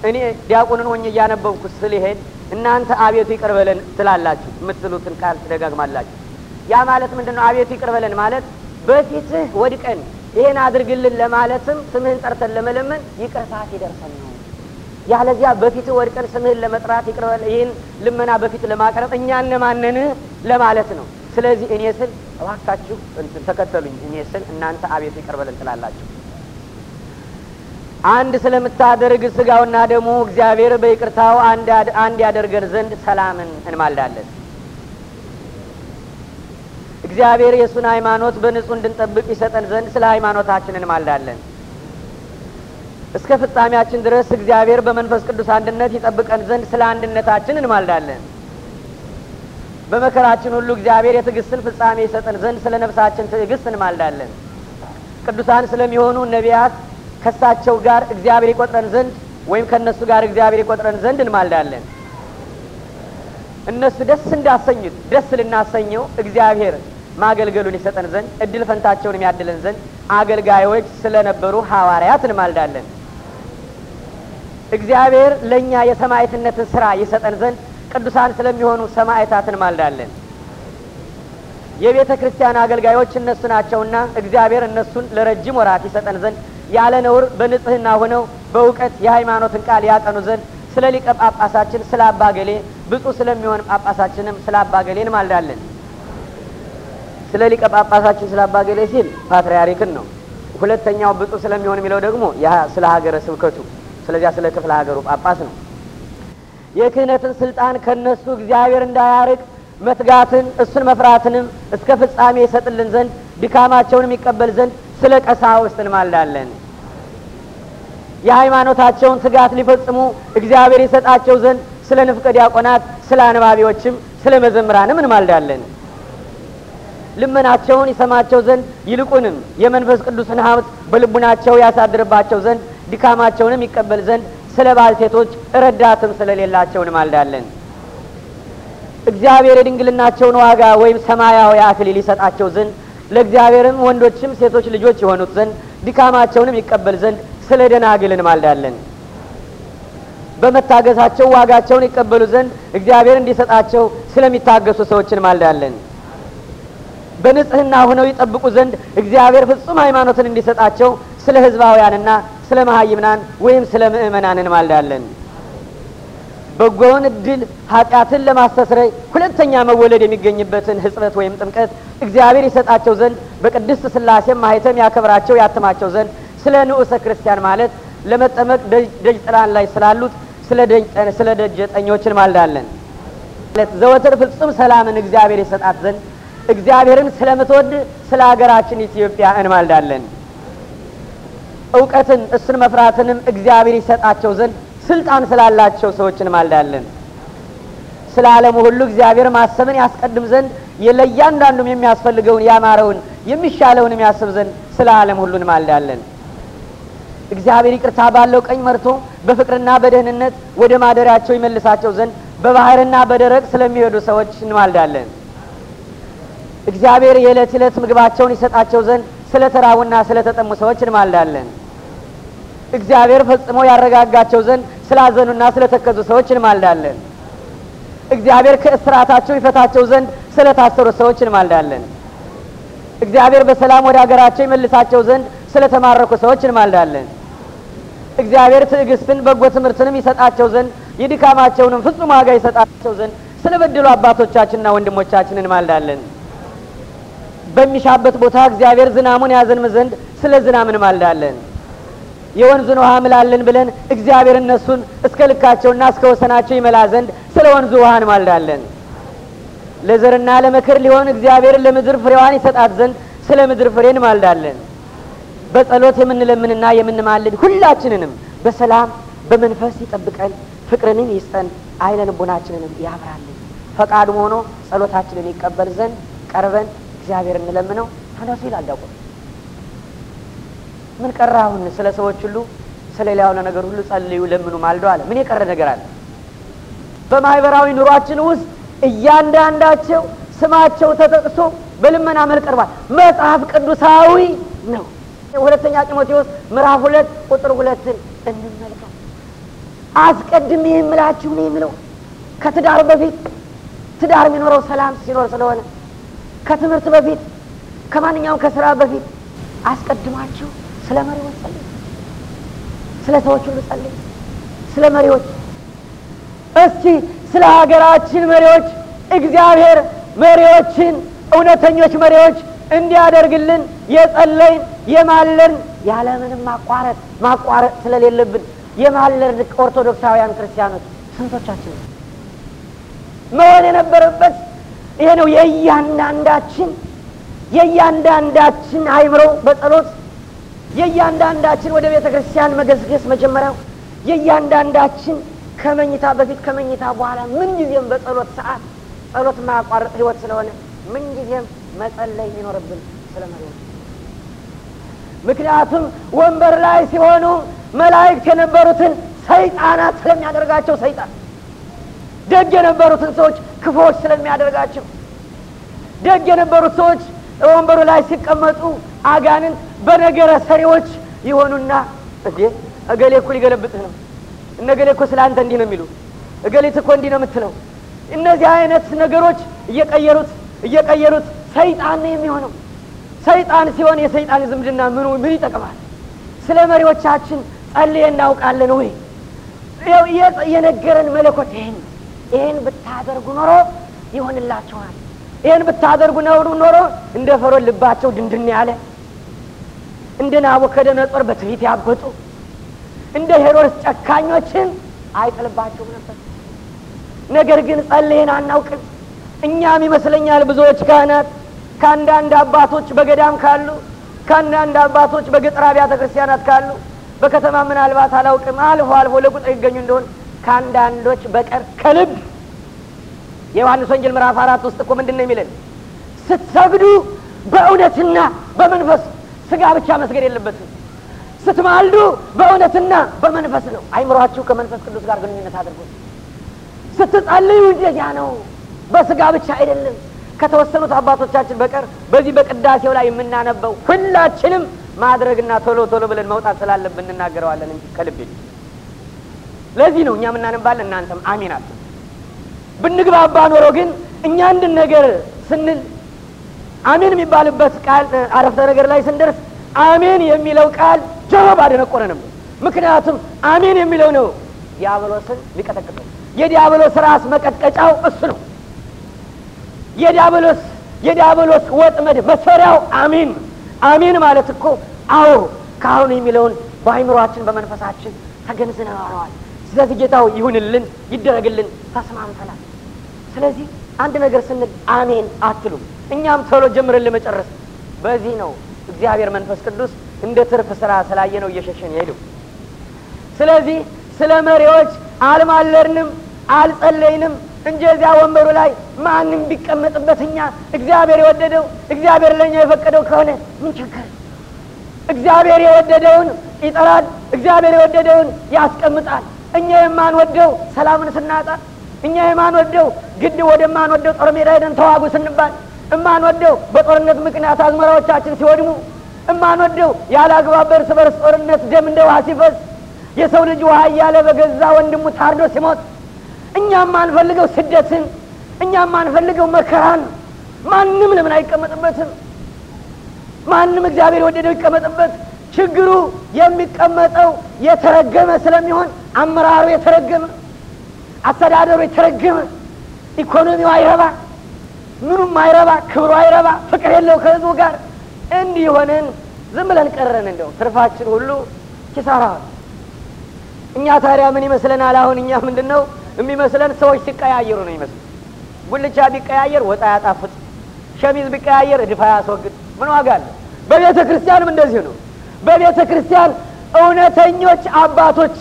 [SPEAKER 1] እኔ ዲያቆንን ሆኜ እያነበብኩ ስልሄድ እናንተ አቤቱ ይቅርበለን ትላላችሁ የምትሉትን ቃል ትደጋግማላችሁ ያ ማለት ምንድን ነው አቤቱ ይቅርበለን ማለት በፊትህ ወድቀን ይሄን አድርግልን ለማለትም ስምህን ጠርተን ለመለመን ይቅርታት ይደርሰን ነው ያለዚያ በፊት ወድቀን ስምህን ለመጥራት ይህን ልመና በፊት ለማቅረብ እኛ እነማን ለማለት ነው ስለዚህ እኔ ስል እባካችሁ ተከተሉኝ፣ እኔ ስል እናንተ አቤት ይቅር በለን ትላላችሁ። አንድ ስለምታደርግ ስጋውና ደግሞ እግዚአብሔር በይቅርታው አንድ ያደርገን ዘንድ ሰላምን እንማልዳለን። እግዚአብሔር የእሱን ሃይማኖት በንጹህ እንድንጠብቅ ይሰጠን ዘንድ ስለ ሃይማኖታችን እንማልዳለን። እስከ ፍጻሜያችን ድረስ እግዚአብሔር በመንፈስ ቅዱስ አንድነት ይጠብቀን ዘንድ ስለ አንድነታችን እንማልዳለን። በመከራችን ሁሉ እግዚአብሔር የትዕግስትን ፍጻሜ ይሰጠን ዘንድ ስለ ነፍሳችን ትዕግስት እንማልዳለን። ቅዱሳን ስለሚሆኑ ነቢያት ከሳቸው ጋር እግዚአብሔር ይቆጥረን ዘንድ ወይም ከእነሱ ጋር እግዚአብሔር ይቆጥረን ዘንድ እንማልዳለን። እነሱ ደስ እንዳሰኙት ደስ ልናሰኘው እግዚአብሔር ማገልገሉን ይሰጠን ዘንድ እድል ፈንታቸውን የሚያድለን ዘንድ አገልጋዮች ስለነበሩ ሐዋርያት እንማልዳለን። እግዚአብሔር ለእኛ የሰማዕትነትን ስራ ይሰጠን ዘንድ ቅዱሳን ስለሚሆኑ ሰማዕታትን ማልዳለን። የቤተ ክርስቲያን አገልጋዮች እነሱ ናቸውና እግዚአብሔር እነሱን ለረጅም ወራት ይሰጠን ዘንድ ያለ ነውር በንጽህና ሆነው በእውቀት የሃይማኖትን ቃል ያጠኑ ዘንድ ስለ ሊቀ ጳጳሳችን ስለ አባገሌ ብፁ ስለሚሆን ጳጳሳችንም ስለ አባገሌ እንማልዳለን። ስለ ሊቀ ጳጳሳችን ስለ አባገሌ ሲል ፓትርያርክን ነው። ሁለተኛው ብፁ ስለሚሆን የሚለው ደግሞ ስለ ሀገረ ስብከቱ ስለዚያ ስለ ክፍለ ሀገሩ ጳጳስ ነው። የክህነትን ስልጣን ከነሱ እግዚአብሔር እንዳያርቅ መትጋትን እሱን መፍራትንም እስከ ፍጻሜ ይሰጥልን ዘንድ ድካማቸውንም ይቀበል ዘንድ ስለ ቀሳውስት እንማልዳለን። የሃይማኖታቸውን ትጋት ሊፈጽሙ እግዚአብሔር ይሰጣቸው ዘንድ ስለ ንፍቀ ዲያቆናት፣ ስለ አንባቢዎችም ስለ መዘምራንም እንማልዳለን። ልመናቸውን ይሰማቸው ዘንድ ይልቁንም የመንፈስ ቅዱስን ሀብት በልቡናቸው ያሳድርባቸው ዘንድ ድካማቸውንም ይቀበል ዘንድ ስለ ባልቴቶች ረዳትም ስለሌላቸው እንማልዳለን። እግዚአብሔር የድንግልናቸውን ዋጋ ወይም ሰማያዊ አክሊል ይሰጣቸው ዘንድ ለእግዚአብሔርም ወንዶችም ሴቶች ልጆች የሆኑት ዘንድ ድካማቸውንም ይቀበል ዘንድ ስለ ደናግል እንማልዳለን። በመታገሳቸው ዋጋቸውን ይቀበሉ ዘንድ እግዚአብሔር እንዲሰጣቸው ስለሚታገሱ ሰዎች እንማልዳለን። በንጽህና ሆነው ይጠብቁ ዘንድ እግዚአብሔር ፍጹም ሃይማኖትን እንዲሰጣቸው ስለ ህዝባውያንና ስለ መሀይምናን ወይም ስለ ምእመናን እንማልዳለን። በጎውን እድል ኃጢአትን ለማስተስረይ ሁለተኛ መወለድ የሚገኝበትን ህጽበት ወይም ጥምቀት እግዚአብሔር ይሰጣቸው ዘንድ በቅድስት ስላሴም ማህተም ያከብራቸው ያትማቸው ዘንድ ስለ ንዑሰ ክርስቲያን ማለት ለመጠመቅ ደጅ ጥላን ላይ ስላሉት ስለ ደጀ ጠኞች እንማልዳለን። ዘወትር ፍጹም ሰላምን እግዚአብሔር ይሰጣት ዘንድ እግዚአብሔርን ስለምትወድ ስለ ሀገራችን ኢትዮጵያ እንማልዳለን። እውቀትን እሱን መፍራትንም እግዚአብሔር ይሰጣቸው ዘንድ ስልጣን ስላላቸው ሰዎች እንማልዳለን። ስለ ዓለሙ ሁሉ እግዚአብሔር ማሰብን ያስቀድም ዘንድ ለእያንዳንዱም የሚያስፈልገውን ያማረውን የሚሻለውን የሚያስብ ዘንድ ስለ ዓለም ሁሉ እንማልዳለን። እግዚአብሔር ይቅርታ ባለው ቀኝ መርቶ በፍቅርና በደህንነት ወደ ማደሪያቸው ይመልሳቸው ዘንድ በባህርና በደረቅ ስለሚሄዱ ሰዎች እንማልዳለን። እግዚአብሔር የዕለት ዕለት ምግባቸውን ይሰጣቸው ዘንድ ስለ ተራቡና ስለ ተጠሙ ሰዎች እንማልዳለን። እግዚአብሔር ፈጽሞ ያረጋጋቸው ዘንድ ስላዘኑና ስለ ተከዙ ሰዎች እንማልዳለን። እግዚአብሔር ከእስራታቸው ይፈታቸው ዘንድ ስለ ታሰሩ ሰዎች እንማልዳለን። እግዚአብሔር በሰላም ወደ ሀገራቸው ይመልሳቸው ዘንድ ስለ ተማረኩ ሰዎች እንማልዳለን። እግዚአብሔር ትዕግስትን በጎ ትምህርትንም ይሰጣቸው ዘንድ የድካማቸውንም ፍጹም ዋጋ ይሰጣቸው ዘንድ ስለ በደሉ አባቶቻችንና ወንድሞቻችን እንማልዳለን። በሚሻበት ቦታ እግዚአብሔር ዝናሙን ያዘንም ዘንድ ስለ ዝናምን ማልዳለን። የወንዙን ውሃ እምላለን ብለን እግዚአብሔር እነሱን እስከ ልካቸውና እስከ ወሰናቸው ይመላ ዘንድ ስለ ወንዙ ውሃ እንማልዳለን። ለዘርና ለመከር ሊሆን እግዚአብሔር ለምድር ፍሬዋን ይሰጣት ዘንድ ስለ ምድር ፍሬ እንማልዳለን። በጸሎት የምንለምንና የምንማልድ ሁላችንንም በሰላም በመንፈስ ይጠብቀን፣ ፍቅርንን ይስጠን፣ አይነ ልቦናችንንም ያብራልን፣ ሆኖ ጸሎታችንን ይቀበል ዘንድ ቀርበን እግዚአብሔር እንለምነው ተነሱ ይላል ዲያቆን። ምን ቀረ አሁን? ስለ ሰዎች ሁሉ ስለ ሌላ የሆነ ነገር ሁሉ ጸልዩ፣ ለምኑ፣ ማልደው አለ። ምን የቀረ ነገር አለ? በማህበራዊ ኑሯችን ውስጥ እያንዳንዳቸው ስማቸው ተጠቅሶ በልመና መልክ ቀርቧል። መጽሐፍ ቅዱሳዊ ነው። ሁለተኛ ጢሞቴዎስ ምዕራፍ ሁለት ቁጥር ሁለትን እንመልከት። አስቀድሜ የምላችሁ ነው የምለው ከትዳር በፊት ትዳር የሚኖረው ሰላም ሲኖር ስለሆነ ከትምህርት በፊት ከማንኛውም ከስራ በፊት አስቀድማችሁ ስለ መሪዎች ጸልዩ። ስለ ሰዎች ሁሉ ጸልዩ። ስለ መሪዎች እስቲ ስለ ሀገራችን መሪዎች እግዚአብሔር መሪዎችን እውነተኞች መሪዎች እንዲያደርግልን የጸለይን የማለርን ያለምንም ማቋረጥ ማቋረጥ ስለሌለብን የማለርን ኦርቶዶክሳውያን ክርስቲያኖች ስንቶቻችን መሆን የነበረበት ይሄ ነው የእያንዳንዳችን የእያንዳንዳችን አይምሮ በጸሎት የእያንዳንዳችን ወደ ቤተ ክርስቲያን መገዝገስ መጀመሪያው የእያንዳንዳችን ከመኝታ በፊት ከመኝታ በኋላ ምንጊዜም በጸሎት ሰዓት ጸሎት ማያቋርጥ ህይወት ስለሆነ ምንጊዜም መጸለይ ይኖርብን ስለመለ ምክንያቱም ወንበር ላይ ሲሆኑ መላእክት የነበሩትን ሰይጣናት ስለሚያደርጋቸው ሰይጣን ደግ የነበሩትን ሰዎች ክፎች ስለሚያደርጋቸው ደግ የነበሩት ሰዎች ወንበሩ ላይ ሲቀመጡ አጋንንት በነገረ ሰሪዎች ይሆኑና እንዴ እገሌ እኮ ሊገለብጥህ ነው፣ እነ እገሌ እኮ ስለ አንተ እንዲህ ነው የሚሉ፣ እገሌት እኮ እንዲህ ነው የምትለው። እነዚህ አይነት ነገሮች እየቀየሩት እየቀየሩት ሰይጣን ነው የሚሆነው። ሰይጣን ሲሆን የሰይጣን ዝምድና ምኑ ምን ይጠቅማል? ስለ መሪዎቻችን ጸልየ እናውቃለን ወይ? የነገረን መለኮት ይህን ይህን ብታደርጉ ኖሮ ይሆንላችኋል ይህን ብታደርጉ ነውሩ ኖሮ እንደ ፈሮን ልባቸው ድንድን ያለ እንደ ናቡከደነጾር በትፊት ያጎጡ እንደ ሄሮድስ ጨካኞችን አይጥልባቸውም ነበር። ነገር ግን ጸልይን አናውቅም። እኛም ይመስለኛል ብዙዎች ካህናት ከአንዳንድ አባቶች በገዳም ካሉ ከአንዳንድ አባቶች በገጠር አብያተ ክርስቲያናት ካሉ በከተማ ምናልባት አላውቅም፣ አልፎ አልፎ ለቁጥር ይገኙ እንደሆን ከአንዳንዶች በቀር ከልብ የዮሐንስ ወንጌል ምዕራፍ አራት ውስጥ እኮ ምንድን ነው የሚለን? ስትሰግዱ በእውነትና በመንፈስ ስጋ ብቻ መስገድ የለበትም። ስትማልዱ በእውነትና በመንፈስ ነው። አይምሯችሁ ከመንፈስ ቅዱስ ጋር ግንኙነት አድርጉት። ስትጸልዩ እንደዚያ ነው፣ በስጋ ብቻ አይደለም። ከተወሰኑት አባቶቻችን በቀር በዚህ በቅዳሴው ላይ የምናነበው ሁላችንም ማድረግና ቶሎ ቶሎ ብለን መውጣት ስላለብን እንናገረዋለን እንጂ ከልቤ። ለዚህ ነው እኛ የምናነባለን፣ እናንተም አሜን አትሉ። ብንግባባ ኖሮ ግን እኛ አንድን ነገር ስንል አሜን የሚባልበት ቃል አረፍተ ነገር ላይ ስንደርስ አሜን የሚለው ቃል ጆሮ ባደነቆረንም። ምክንያቱም አሜን የሚለው ነው ዲያብሎስን ሊቀጠቅጠው። የዲያብሎስ ራስ መቀጥቀጫው እሱ ነው። የዲያብሎስ የዲያብሎስ ወጥመድ መሰሪያው አሜን። አሜን ማለት እኮ አዎ ከአሁኑ የሚለውን በአይምሯችን በመንፈሳችን ተገንዝነዋል። ስለዚህ ጌታው ይሁንልን፣ ይደረግልን ተስማምተናል። ስለዚህ አንድ ነገር ስንል አሜን አትሉም። እኛም ቶሎ ጀምረን ለመጨረስ በዚህ ነው እግዚአብሔር መንፈስ ቅዱስ እንደ ትርፍ ስራ ስላየ ነው እየሸሸን ሄዱ ስለዚህ ስለ መሪዎች አልማለርንም፣ አልጸለይንም እንጂ እዚያ ወንበሩ ላይ ማንም ቢቀመጥበት እኛ እግዚአብሔር የወደደው እግዚአብሔር ለእኛ የፈቀደው ከሆነ ምን እግዚአብሔር የወደደውን ይጠራል፣ እግዚአብሔር የወደደውን ያስቀምጣል። እኛ የማንወደው ሰላምን ስናጣ እኛ የማንወደው ግድ ወደማንወደው ጦር ሜዳ ሄደን ተዋጉ ስንባል እማንወደው በጦርነት ምክንያት አዝመራዎቻችን ሲወድሙ እማንወደው ያለ አግባብ በእርስ በርስ ጦርነት ደም እንደ ውሃ ሲፈስ የሰው ልጅ ውሃ እያለ በገዛ ወንድሙ ታርዶ ሲሞት እኛ የማንፈልገው ስደትን፣ እኛ የማንፈልገው መከራን። ማንም ለምን አይቀመጥበትም? ማንም እግዚአብሔር የወደደው ይቀመጥበት። ችግሩ የሚቀመጠው የተረገመ ስለሚሆን አመራሩ የተረገመ አስተዳደሩ የተረገመ፣ ኢኮኖሚው አይረባ፣ ምኑም አይረባ፣ ክብሩ አይረባ፣ ፍቅር የለው ከህዝቡ ጋር እንዲህ የሆነን ዝም ብለን ቀረን። እንደው ትርፋችን ሁሉ ኪሳራ። እኛ ታዲያ ምን ይመስለናል? አሁን እኛ ምንድን ነው የሚመስለን? ሰዎች ሲቀያየሩ ነው ይመስል። ጉልቻ ቢቀያየር ወጣ ያጣፍጥ ሸሚዝ ቢቀያየር እድፋ ያስወግድ ምን ዋጋ አለ? በቤተ ክርስቲያንም እንደዚህ ነው። በቤተ ክርስቲያን እውነተኞች አባቶች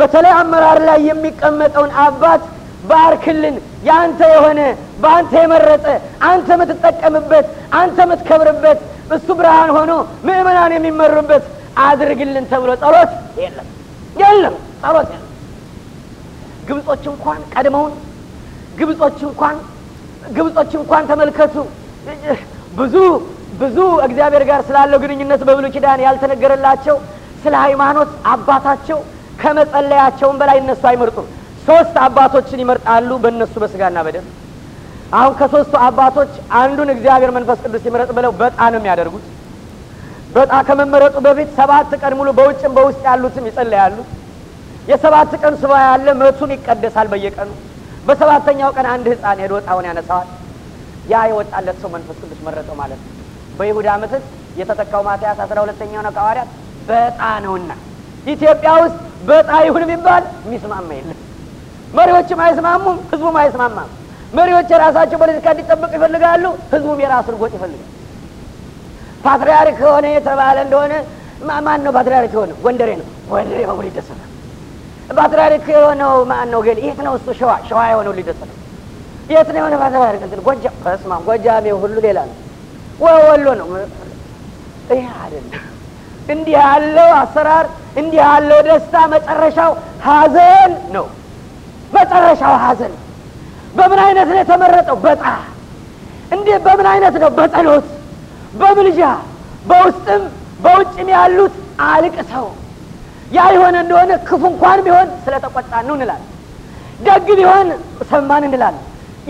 [SPEAKER 1] በተለይ አመራር ላይ የሚቀመጠውን አባት ባርክልን። የአንተ የሆነ በአንተ የመረጠ አንተ የምትጠቀምበት አንተ የምትከብርበት እሱ ብርሃን ሆኖ ምእመናን የሚመሩበት አድርግልን ተብሎ ጸሎት የለም የለም፣ ጸሎት የለም። ግብጾች እንኳን ቀድመውን ግብጾች እንኳን ግብጾች እንኳን ተመልከቱ ብዙ ብዙ እግዚአብሔር ጋር ስላለው ግንኙነት በብሉ ኪዳን ያልተነገረላቸው ስለ ሃይማኖት አባታቸው ከመጸለያቸውም በላይ እነሱ አይመርጡም። ሶስት አባቶችን ይመርጣሉ በእነሱ በስጋና በደም። አሁን ከሶስቱ አባቶች አንዱን እግዚአብሔር መንፈስ ቅዱስ ይመረጥ ብለው በጣ ነው የሚያደርጉት። በጣ ከመመረጡ በፊት ሰባት ቀን ሙሉ በውጭም በውስጥ ያሉትም ይጸለያሉ። የሰባት ቀን ስባ ያለ መቱን ይቀደሳል በየቀኑ። በሰባተኛው ቀን አንድ ህፃን ሄዶ ወጣውን ያነሳዋል። ያ የወጣለት ሰው መንፈስ ቅዱስ መረጠው ማለት ነው። በይሁዳ ምትክ የተጠቃው ማትያስ አስራ ሁለተኛው ነው ከሐዋርያት በጣ ነውና ኢትዮጵያ ውስጥ በጣ ይሁን ቢባል የሚስማማ የለም። መሪዎችም አይስማሙም፣ ህዝቡም አይስማማም። መሪዎች የራሳቸው ፖለቲካ እንዲጠበቅ ይፈልጋሉ፣ ህዝቡም የራሱ እርጎጥ ይፈልጋል። ፓትሪያርክ ከሆነ የተባለ እንደሆነ ማን ነው ፓትሪያርክ የሆነ? ጎንደሬ ነው። ጎንደሬ በሙሉ ይደሰታል። ፓትሪያርክ የሆነው ማን ነው? ገል የት ነው እሱ? ሸዋ ሸዋ የሆነው ሊደሰታል። የት ነው የሆነ ፓትርያርክ? እንትን ጎጃም። በስመ አብ ሁሉ ሌላ ነው፣ ወወሎ ነው። ይህ አይደለም። እንዲህ ያለው አሰራር እንዲህ ያለው ደስታ መጨረሻው ሀዘን ነው። መጨረሻው ሀዘን በምን አይነት ነው የተመረጠው? በጣ እንዲህ በምን አይነት ነው? በጸሎት በምልጃ በውስጥም በውጭም ያሉት አልቅሰው ያ የሆነ እንደሆነ ክፉ እንኳን ቢሆን ተቆጣ ነው እንላል ደግ ቢሆን ሰማን እንላል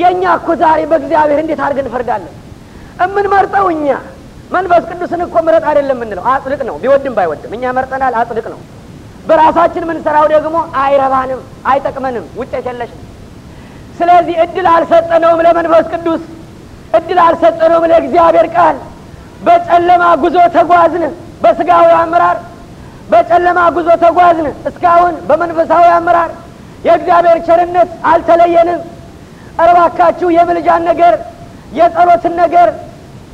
[SPEAKER 1] የእኛ እኮ ዛሬ በእግዚአብሔር እንዴት አድርገን እንፈርዳለን? እምንመርጠው እኛ መንፈስ ቅዱስን እኮ ምረጥ አይደለም የምንለው፣ አጽድቅ ነው። ቢወድም ባይወድም እኛ መርጠናል፣ አጽድቅ ነው። በራሳችን ምንሰራው ደግሞ አይረባንም፣ አይጠቅመንም፣ ውጤት የለሽም። ስለዚህ እድል አልሰጠነውም ለመንፈስ ቅዱስ፣ እድል አልሰጠነውም ለእግዚአብሔር ቃል። በጨለማ ጉዞ ተጓዝን፣ በስጋዊ አመራር በጨለማ ጉዞ ተጓዝን። እስካሁን በመንፈሳዊ አመራር የእግዚአብሔር ቸርነት አልተለየንም። እባካችሁ የምልጃን ነገር የጸሎትን ነገር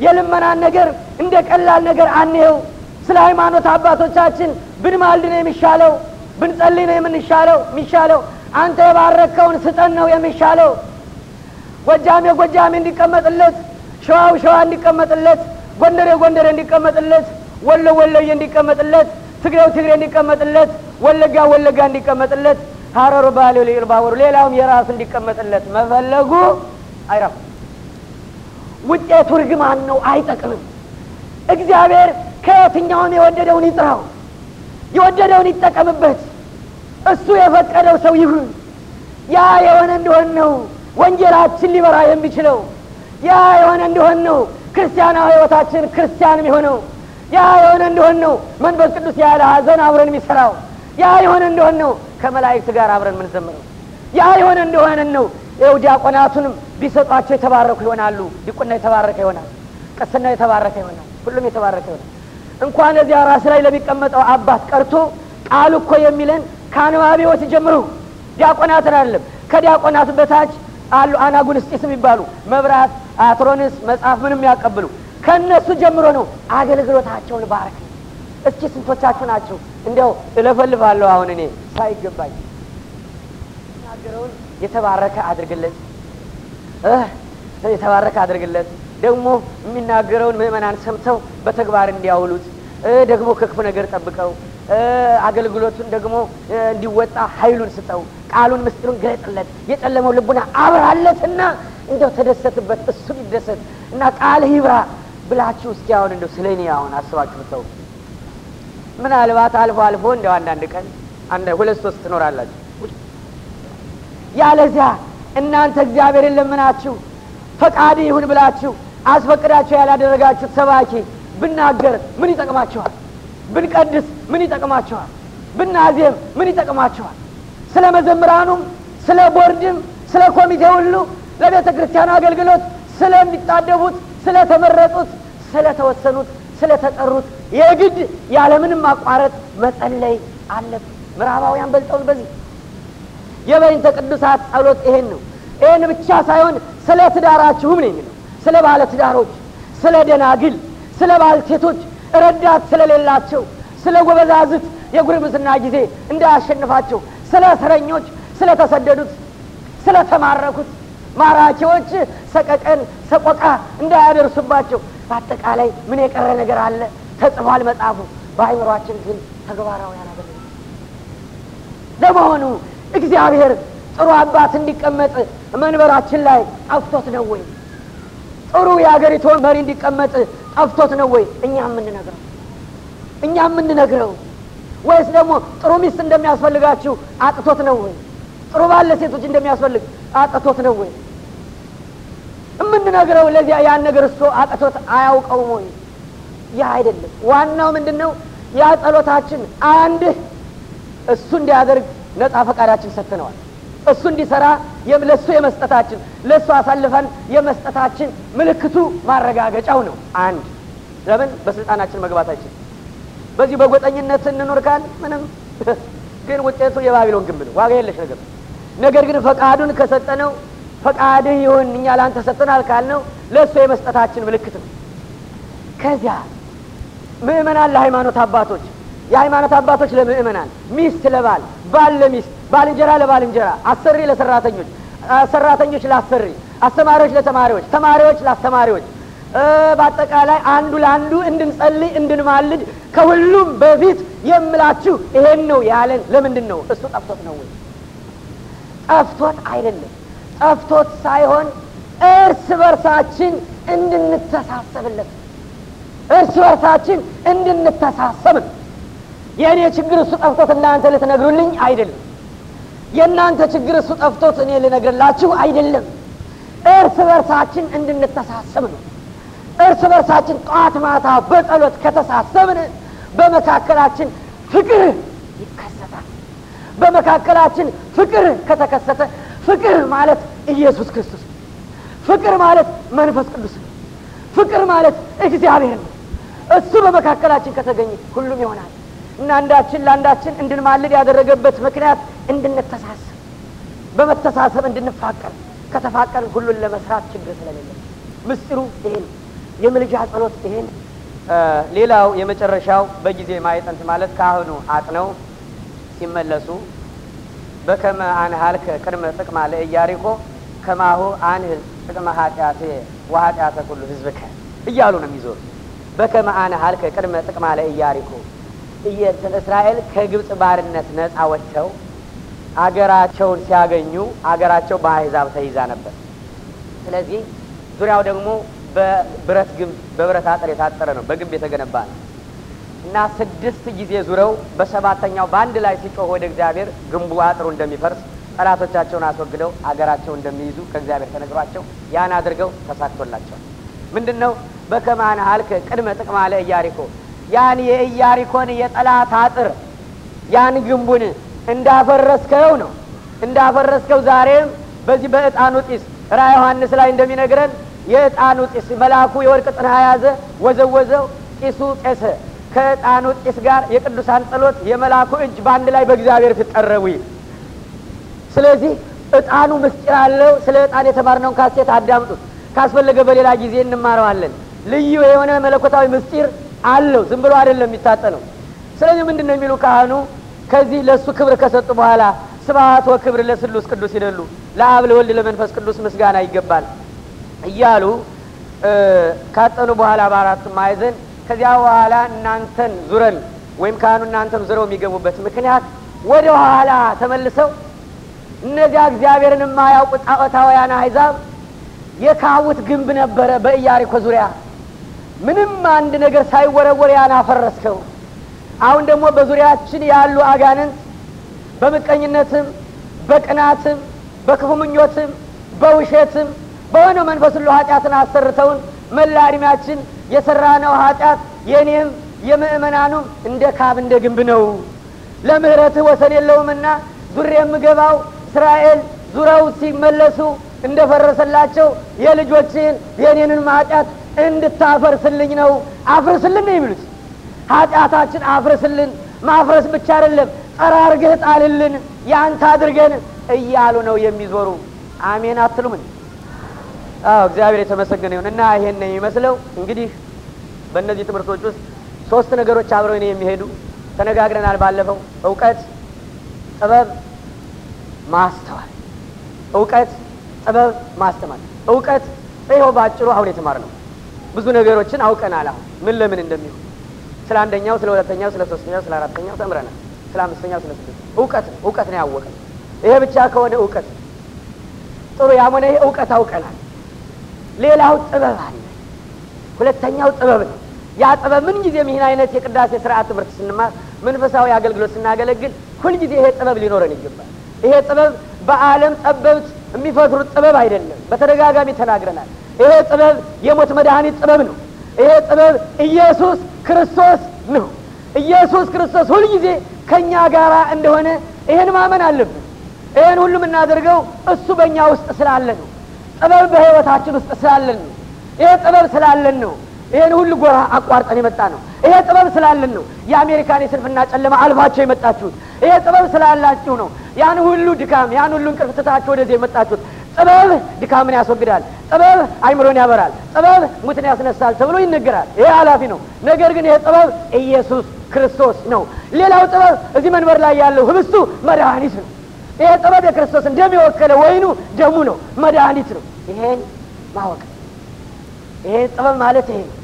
[SPEAKER 1] የልመናን ነገር እንደ ቀላል ነገር አንየው። ስለ ሃይማኖት አባቶቻችን ብንማልድ ነው የሚሻለው፣ ብንጸልይ ነው የምንሻለው የሚሻለው አንተ የባረከውን ስጠን ነው የሚሻለው። ጎጃሜ ጎጃሜ እንዲቀመጥለት፣ ሸዋው ሸዋ እንዲቀመጥለት፣ ጎንደር ጎንደር እንዲቀመጥለት፣ ወሎ ወሎዬ እንዲቀመጥለት፣ ትግሬው ትግሬ እንዲቀመጥለት፣ ወለጋ ወለጋ እንዲቀመጥለት፣ ሀረሩ ባህሌው ልዕል ሌላውም የራሱ እንዲቀመጥለት መፈለጉ አይራም። ውጤቱ እርግማን ነው፣ አይጠቅምም። እግዚአብሔር ከየትኛውም የወደደውን ይጥራው፣ የወደደውን ይጠቀምበት፣ እሱ የፈቀደው ሰው ይሁን። ያ የሆነ እንደሆን ነው ወንጀላችን ሊበራ የሚችለው። ያ የሆነ እንደሆን ነው ክርስቲያናዊ ህይወታችን ክርስቲያን የሆነው ያ የሆነ እንደሆን ነው መንፈስ ቅዱስ ያለ ሀዘን አብረን የሚሰራው። ያ የሆነ እንደሆን ነው ከመላእክት ጋር አብረን ምንዘምረው? ያ የሆነ እንደሆነ ነው ይኸው ዲያቆናቱንም ቢሰጧቸው የተባረኩ ይሆናሉ። ዲቁና የተባረከ ይሆናል። ቅስና የተባረከ ይሆናል። ሁሉም የተባረከ ነው። እንኳን እዚያ ራስ ላይ ለሚቀመጠው አባት ቀርቶ ቃል እኮ የሚለን ከአንባቢዎች ጀምሩ ዲያቆናትን አለም ከዲያቆናት በታች አሉ አናጉንስጢስ የሚባሉ መብራት፣ አትሮንስ መጽሐፍ ምንም ያቀብሉ ከእነሱ ጀምሮ ነው አገልግሎታቸውን ባረክ። እስኪ ስንቶቻችሁ ናቸው እንዲያው እለፈልፋለሁ አሁን እኔ ሳይገባኝ ናገረውን የተባረከ አድርግለት የተባረከ አድርግለት ደግሞ የሚናገረውን ምእመናን ሰምተው በተግባር እንዲያውሉት ደግሞ ከክፉ ነገር ጠብቀው አገልግሎቱን ደግሞ እንዲወጣ ኃይሉን ስጠው። ቃሉን ምስጢሩን ገለጥለት። የጨለመው ልቡና አብራለትና እንደው ተደሰትበት፣ እሱ ይደሰት እና ቃል ይብራ ብላችሁ እስኪ አሁን እንደው ስለ እኔ አሁን አስባችሁ ሰው ምናልባት አልፎ አልፎ እንደው አንዳንድ ቀን አንድ ሁለት ሶስት ትኖራላችሁ። ያለዚያ እናንተ እግዚአብሔርን ለምናችሁ ፈቃድ ይሁን ብላችሁ አስፈቅዳቸው ያላደረጋችሁት ሰባኪ ብናገር ምን ይጠቅማቸዋል? ብንቀድስ ምን ይጠቅማቸዋል? ብናዜም ምን ይጠቅማቸዋል? ስለ መዘምራኑም፣ ስለ ቦርድም፣ ስለ ኮሚቴ ሁሉ ለቤተ ክርስቲያኑ አገልግሎት ስለሚጣደቡት፣ ስለተመረጡት፣ ስለተወሰኑት፣ ስለተጠሩት የግድ ያለምንም ማቋረጥ መጸለይ አለብ ምዕራባውያን በልጠውን በዚህ የበይንተ ቅዱሳት ጸሎት ይሄን ነው። ይህን ብቻ ሳይሆን ስለ ትዳራችሁም ነው የሚለው ስለ ትዳሮች፣ ስለ ደናግል፣ ስለ ባልቴቶች ረዳት ስለሌላቸው፣ ስለ ጎበዛዝት የጉርምስና ጊዜ እንዳያሸንፋቸው፣ ስለ እስረኞች፣ ስለ ተሰደዱት፣ ስለ ተማረኩት ማራኪዎች ሰቀቀን ሰቆቃ እንዳያደርሱባቸው። በአጠቃላይ ምን የቀረ ነገር አለ? ተጽፏል መጽሐፉ። በአይምሯችን ግን ተግባራዊ ያናገር። ለመሆኑ እግዚአብሔር ጥሩ አባት እንዲቀመጥ መንበራችን ላይ ጠፍቶት ነው ወይ? ጥሩ የሀገሪቱ መሪ እንዲቀመጥ ጠፍቶት ነው ወይ እኛ የምንነግረው እኛ የምንነግረው ወይስ ደግሞ ጥሩ ሚስት እንደሚያስፈልጋችሁ አጥቶት ነው ወይ ጥሩ ባለ ሴቶች እንደሚያስፈልግ አጥቶት ነው ወይ የምንነግረው ለዚያ ያን ነገር እሱ አጥቶት አያውቀውም ወይ ያ አይደለም ዋናው ምንድን ነው ያ ጸሎታችን አንድ እሱ እንዲያደርግ ነጻ ፈቃዳችን ሰጥነዋል እሱ እንዲሰራ ለእሱ የመስጠታችን ለእሱ አሳልፈን የመስጠታችን ምልክቱ ማረጋገጫው ነው። አንድ ለምን በስልጣናችን መግባታችን በዚህ በጎጠኝነት እንኑር ካል ምንም (laughs) ግን ውጤቱ የባቢሎን ግንብ ነው፣ ዋጋ የለሽ ነገር። ነገር ግን ፈቃዱን ከሰጠነው ፈቃድህ ይሁን እኛ ላንተ ሰጥተናል ካልነው ለእሱ የመስጠታችን ምልክት ነው። ከዚያ ምእመናን ለሃይማኖት አባቶች፣ የሃይማኖት አባቶች ለምእመናን፣ ሚስት ለባል፣ ባል ለሚስት ባልንጀራ ለባልንጀራ፣ አሰሪ ለሰራተኞች፣ ሰራተኞች ለአሰሪ፣ አስተማሪዎች ለተማሪዎች፣ ተማሪዎች ለአስተማሪዎች፣ በአጠቃላይ አንዱ ለአንዱ እንድንጸልይ እንድንማልድ ከሁሉም በፊት የምላችሁ ይሄን ነው ያለን። ለምንድን ነው እሱ? ጠፍቶት ነው ወይ? ጠፍቶት አይደለም። ጠፍቶት ሳይሆን እርስ በርሳችን እንድንተሳሰብለት እርስ በርሳችን እንድንተሳሰብ የእኔ ችግር እሱ ጠፍቶት እናንተ ልትነግሩልኝ አይደለም። የእናንተ ችግር እሱ ጠፍቶት እኔ ልነግርላችሁ አይደለም። እርስ በርሳችን እንድንተሳሰብ ነው። እርስ በርሳችን ጠዋት ማታ በጸሎት ከተሳሰብን በመካከላችን ፍቅር
[SPEAKER 2] ይከሰታል።
[SPEAKER 1] በመካከላችን ፍቅር ከተከሰተ ፍቅር ማለት ኢየሱስ ክርስቶስ ነው። ፍቅር ማለት መንፈስ ቅዱስ ነው። ፍቅር ማለት እግዚአብሔር ነው። እሱ በመካከላችን ከተገኘ ሁሉም ይሆናል። አንዳችን ለአንዳችን እንድንማልድ ያደረገበት ምክንያት እንድንተሳሰብ በመተሳሰብ እንድንፋቀር ከተፋቀርን ሁሉን ለመስራት ችግር ስለሌለ ምስጢሩ ይሄ ነው። የምልጃ ጸሎት ይሄ ነው። ሌላው የመጨረሻው በጊዜ ማየጠንት ማለት ካህኑ አጥነው ሲመለሱ በከመ አንሃልከ ቅድመ ጥቅማ ለእያሪኮ ከማሁ አንህል ጥቅመ ኃጢአቴ ወኃጢአተ ኩሉ ህዝብከ እያሉ ነው የሚዞሩ። በከመ አንሃልከ ቅድመ ጥቅማ ለእያሪኮ እስራኤል ከግብጽ ባርነት ነጻ ወጥተው አገራቸውን ሲያገኙ አገራቸው በአህዛብ ተይዛ ነበር። ስለዚህ ዙሪያው ደግሞ በብረት ግንብ በብረት አጥር የታጠረ ነው፣ በግንብ የተገነባ ነው እና ስድስት ጊዜ ዙረው በሰባተኛው በአንድ ላይ ሲጮህ ወደ እግዚአብሔር ግንቡ አጥሩ እንደሚፈርስ ጠላቶቻቸውን አስወግደው አገራቸው እንደሚይዙ ከእግዚአብሔር ተነግሯቸው ያን አድርገው ተሳክቶላቸዋል። ምንድን ነው በከማን አልክ ቅድመ ጥቅማለ ኢያሪኮ ያን የኢያሪኮን የጠላት አጥር ያን ግንቡን እንዳፈረስከው ነው እንዳፈረስከው ዛሬም በዚህ በእጣኑ ጢስ ራ ዮሐንስ ላይ እንደሚነግረን የእጣኑ ጢስ መልአኩ የወርቅ ጥና ያዘ፣ ወዘወዘው፣ ጢሱ ጤሰ። ከእጣኑ ጢስ ጋር የቅዱሳን ጸሎት፣ የመልአኩ እጅ በአንድ ላይ በእግዚአብሔር ፊት ስለዚህ እጣኑ ምስጢር አለው። ስለ እጣን የተማርነውን ካሴት አዳምጡት፣ ካስፈለገ በሌላ ጊዜ እንማረዋለን። ልዩ የሆነ መለኮታዊ ምስጢር አለው። ዝም ብሎ አይደለም የሚታጠነው። ስለዚህ ምንድን ነው የሚሉ ካህኑ ከዚህ ለእሱ ክብር ከሰጡ በኋላ ስብሀት ወክብር ለስሉስ ቅዱስ ይደሉ ለአብ ለወልድ ለመንፈስ ቅዱስ ምስጋና ይገባል እያሉ ካጠኑ በኋላ በአራቱ ማዕዘን ከዚያ በኋላ እናንተን ዙረን ወይም ካህኑ እናንተን ዙረው የሚገቡበት ምክንያት ወደ ኋላ ተመልሰው እነዚያ እግዚአብሔርን የማያውቁ ጣዖታውያን አሕዛብ የካቡት ግንብ ነበረ በኢያሪኮ ዙሪያ ምንም አንድ ነገር ሳይወረወር ያን አፈረስከው። አሁን ደግሞ በዙሪያችን ያሉ አጋንንት በምቀኝነትም፣ በቅናትም፣ በክፉ ምኞትም፣ በውሸትም በሆነ መንፈስ ሁሉ ኃጢአትን አሰርተውን መላ ዕድሜያችን የሰራነው ኃጢአት የእኔም የምእመናኑም እንደ ካብ እንደ ግንብ ነው። ለምህረትህ ወሰን የለውምና ዙሬ የምገባው እስራኤል ዙረው ሲመለሱ እንደፈረሰላቸው የልጆችህን የእኔንን ኃጢአት እንድታፈርስልኝ ነው። አፍርስልን የሚሉት። ኃጢአታችን አፍርስልን፣ ማፍረስ ብቻ አይደለም ጠራርገህ ጣልልን፣ ያንተ አድርገን እያሉ ነው የሚዞሩ። አሜን አትሉምን? አዎ እግዚአብሔር የተመሰገነ ይሁን እና ይሄን ነው የሚመስለው። እንግዲህ በእነዚህ ትምህርቶች ውስጥ ሶስት ነገሮች አብረው ነው የሚሄዱ። ተነጋግረናል ባለፈው። እውቀት፣ ጥበብ፣ ማስተዋል። እውቀት፣ ጥበብ፣ ማስተማል እውቀት ይኸው ባጭሩ አሁን የተማር ነው። ብዙ ነገሮችን አውቀናል። አሁን ምን ለምን እንደሚሆን ስለ አንደኛው፣ ስለ ሁለተኛው፣ ስለ ሶስተኛው፣ ስለ አራተኛው ተምረናል። ስለ አምስተኛው፣ ስለ ስድስት እውቀት ነው። እውቀት ነው ያወቀ ይሄ ብቻ ከሆነ እውቀት ጥሩ ያም ይሄ እውቀት አውቀናል። ሌላው ጥበብ አለ። ሁለተኛው ጥበብ ነው። ያ ጥበብ ምን ጊዜ ይህን አይነት የቅዳሴ ስርዓት ትምህርት ስንማር መንፈሳዊ አገልግሎት ስናገለግል ሁልጊዜ ይሄ ጥበብ ሊኖረን ይገባል። ይሄ ጥበብ በዓለም ጠበብት የሚፈትሩት ጥበብ አይደለም። በተደጋጋሚ ተናግረናል። ይሄ ጥበብ የሞት መድኃኒት ጥበብ ነው። ይሄ ጥበብ ኢየሱስ ክርስቶስ ነው። ኢየሱስ ክርስቶስ ሁልጊዜ ከእኛ ጋር እንደሆነ ይህን ማመን አለብን። ይህን ሁሉ የምናደርገው እሱ በእኛ ውስጥ ስላለ ነው። ጥበብ በህይወታችን ውስጥ ስላለን ነው። ይሄ ጥበብ ስላለን ነው። ይህን ሁሉ ጎራ አቋርጠን የመጣ ነው። ይሄ ጥበብ ስላለን ነው። የአሜሪካን የስንፍና ጨለማ አልፋቸው የመጣችሁት ይሄ ጥበብ ስላላችሁ ነው። ያን ሁሉ ድካም፣ ያን ሁሉ እንቅልፍ ትታችሁ ወደዚህ የመጣችሁት ጥበብ ድካምን ያስወግዳል፣ ጥበብ አይምሮን ያበራል፣ ጥበብ ሙትን ያስነሳል ተብሎ ይነገራል። ይሄ ሀላፊ ነው። ነገር ግን ይሄ ጥበብ ኢየሱስ ክርስቶስ ነው። ሌላው ጥበብ እዚህ መንበር ላይ ያለው ህብስቱ መድኃኒት ነው። ይሄ ጥበብ የክርስቶስ እንደሚወከለ ወይኑ ደሙ ነው፣ መድኃኒት ነው። ይሄን ማወቅ ይሄ ጥበብ ማለት ይሄ ነው።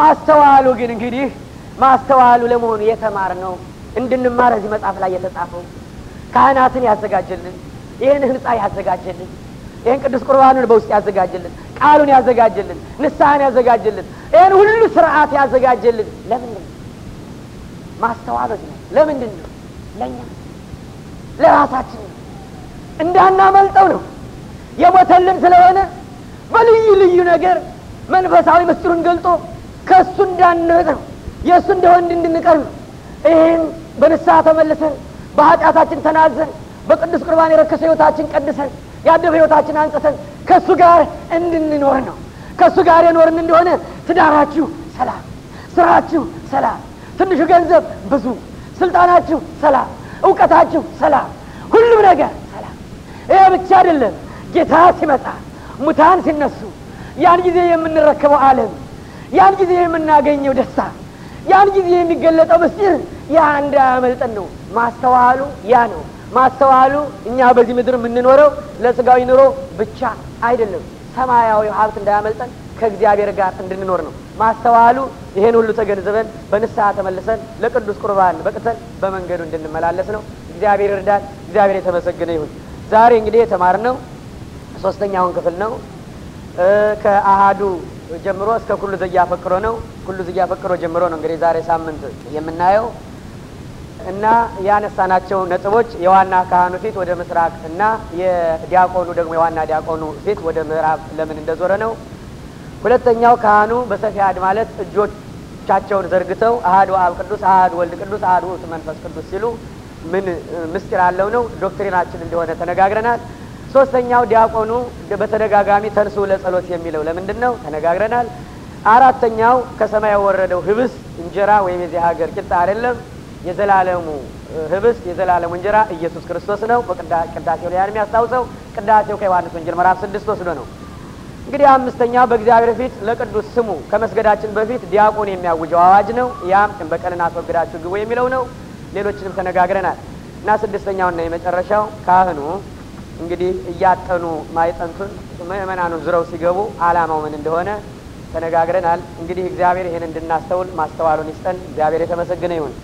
[SPEAKER 1] ማስተዋሉ ግን እንግዲህ ማስተዋሉ ለመሆኑ የተማር ነው እንድንማር እዚህ መጽሐፍ ላይ የተጻፈው ካህናትን ያዘጋጀልን ይህን ህንፃ ያዘጋጀልን ይህን ቅዱስ ቁርባኑን በውስጥ ያዘጋጀልን፣ ቃሉን ያዘጋጀልን፣ ንስሐን ያዘጋጀልን፣ ይህን ሁሉ ስርዓት ያዘጋጀልን ለምንድን ነው? ማስተዋበት ነው። ለምንድን ነው? ለእኛ ለራሳችን ነው። እንዳናመልጠው ነው። የሞተልን ስለሆነ በልዩ ልዩ ነገር መንፈሳዊ ምስጢሩን ገልጦ ከእሱ እንዳንርቅ ነው። የእሱ እንደሆን እንድንቀር ነው። ይህም በንስሐ ተመልሰን በኃጢአታችን ተናዘን በቅዱስ ቁርባን የረከሰ ህይወታችን ቀድሰን ያደረ ህይወታችን አንጽተን ከእሱ ጋር እንድንኖር ነው። ከእሱ ጋር የኖርን እንደሆነ ትዳራችሁ ሰላም፣ ስራችሁ ሰላም፣ ትንሹ ገንዘብ ብዙ፣ ስልጣናችሁ ሰላም፣ እውቀታችሁ ሰላም፣ ሁሉም ነገር ሰላም። ይሄ ብቻ አይደለም። ጌታ ሲመጣ ሙታን ሲነሱ ያን ጊዜ የምንረከበው አለም ያን ጊዜ የምናገኘው ደስታ፣ ያን ጊዜ የሚገለጠው ምስጢር ያ እንዳያመልጠን ነው። ማስተዋሉ ያ ነው። ማስተዋሉ እኛ በዚህ ምድር የምንኖረው ለስጋዊ ኑሮ ብቻ አይደለም። ሰማያዊ ሀብት እንዳያመልጠን ከእግዚአብሔር ጋር እንድንኖር ነው። ማስተዋሉ ይሄን ሁሉ ተገንዝበን በንስሐ ተመልሰን ለቅዱስ ቁርባን በቅተን በመንገዱ እንድንመላለስ ነው። እግዚአብሔር ይርዳል። እግዚአብሔር የተመሰገነ ይሁን። ዛሬ እንግዲህ የተማርነው ሶስተኛውን ክፍል ነው። ከአሃዱ ጀምሮ እስከ ኩሉ ዘያፈቅሮ ነው። ኩሉ ዘያፈቅሮ ጀምሮ ነው እንግዲህ ዛሬ ሳምንት የምናየው እና ያነሳናቸው ነጥቦች የዋና ካህኑ ፊት ወደ ምስራቅ እና የዲያቆኑ ደግሞ የዋና ዲያቆኑ ፊት ወደ ምዕራብ ለምን እንደዞረ ነው። ሁለተኛው ካህኑ በሰፊ ማለት እጆቻቸውን ዘርግተው አህዱ አብ ቅዱስ፣ አህዱ ወልድ ቅዱስ፣ አህዱ ውእቱ መንፈስ ቅዱስ ሲሉ ምን ምስጢር አለው ነው ዶክትሪናችን እንደሆነ ተነጋግረናል። ሶስተኛው ዲያቆኑ በተደጋጋሚ ተንሱ ለጸሎት የሚለው ለምንድን ነው ተነጋግረናል። አራተኛው ከሰማይ የወረደው ህብስ እንጀራ ወይም የዚህ ሀገር ቂጣ አይደለም የዘላለሙ ህብስት የዘላለሙ እንጀራ ኢየሱስ ክርስቶስ ነው። በቅዳሴው ላይ የሚያስታውሰው ቅዳሴው ከዮሐንስ ወንጌል ምዕራፍ ስድስት ወስዶ ነው። እንግዲህ አምስተኛው በእግዚአብሔር ፊት ለቅዱስ ስሙ ከመስገዳችን በፊት ዲያቆን የሚያውጀው አዋጅ ነው። ያም ጥንበቀንን አስወግዳችሁ ግቡ የሚለው ነው። ሌሎችንም ተነጋግረናል እና ስድስተኛውና የመጨረሻው ካህኑ እንግዲህ እያጠኑ ማይጠንቱን ምእመናኑን ዝረው ሲገቡ አላማው ምን እንደሆነ ተነጋግረናል። እንግዲህ እግዚአብሔር ይህን እንድናስተውል ማስተዋሉን ይስጠን። እግዚአብሔር የተመሰገነ ይሁን።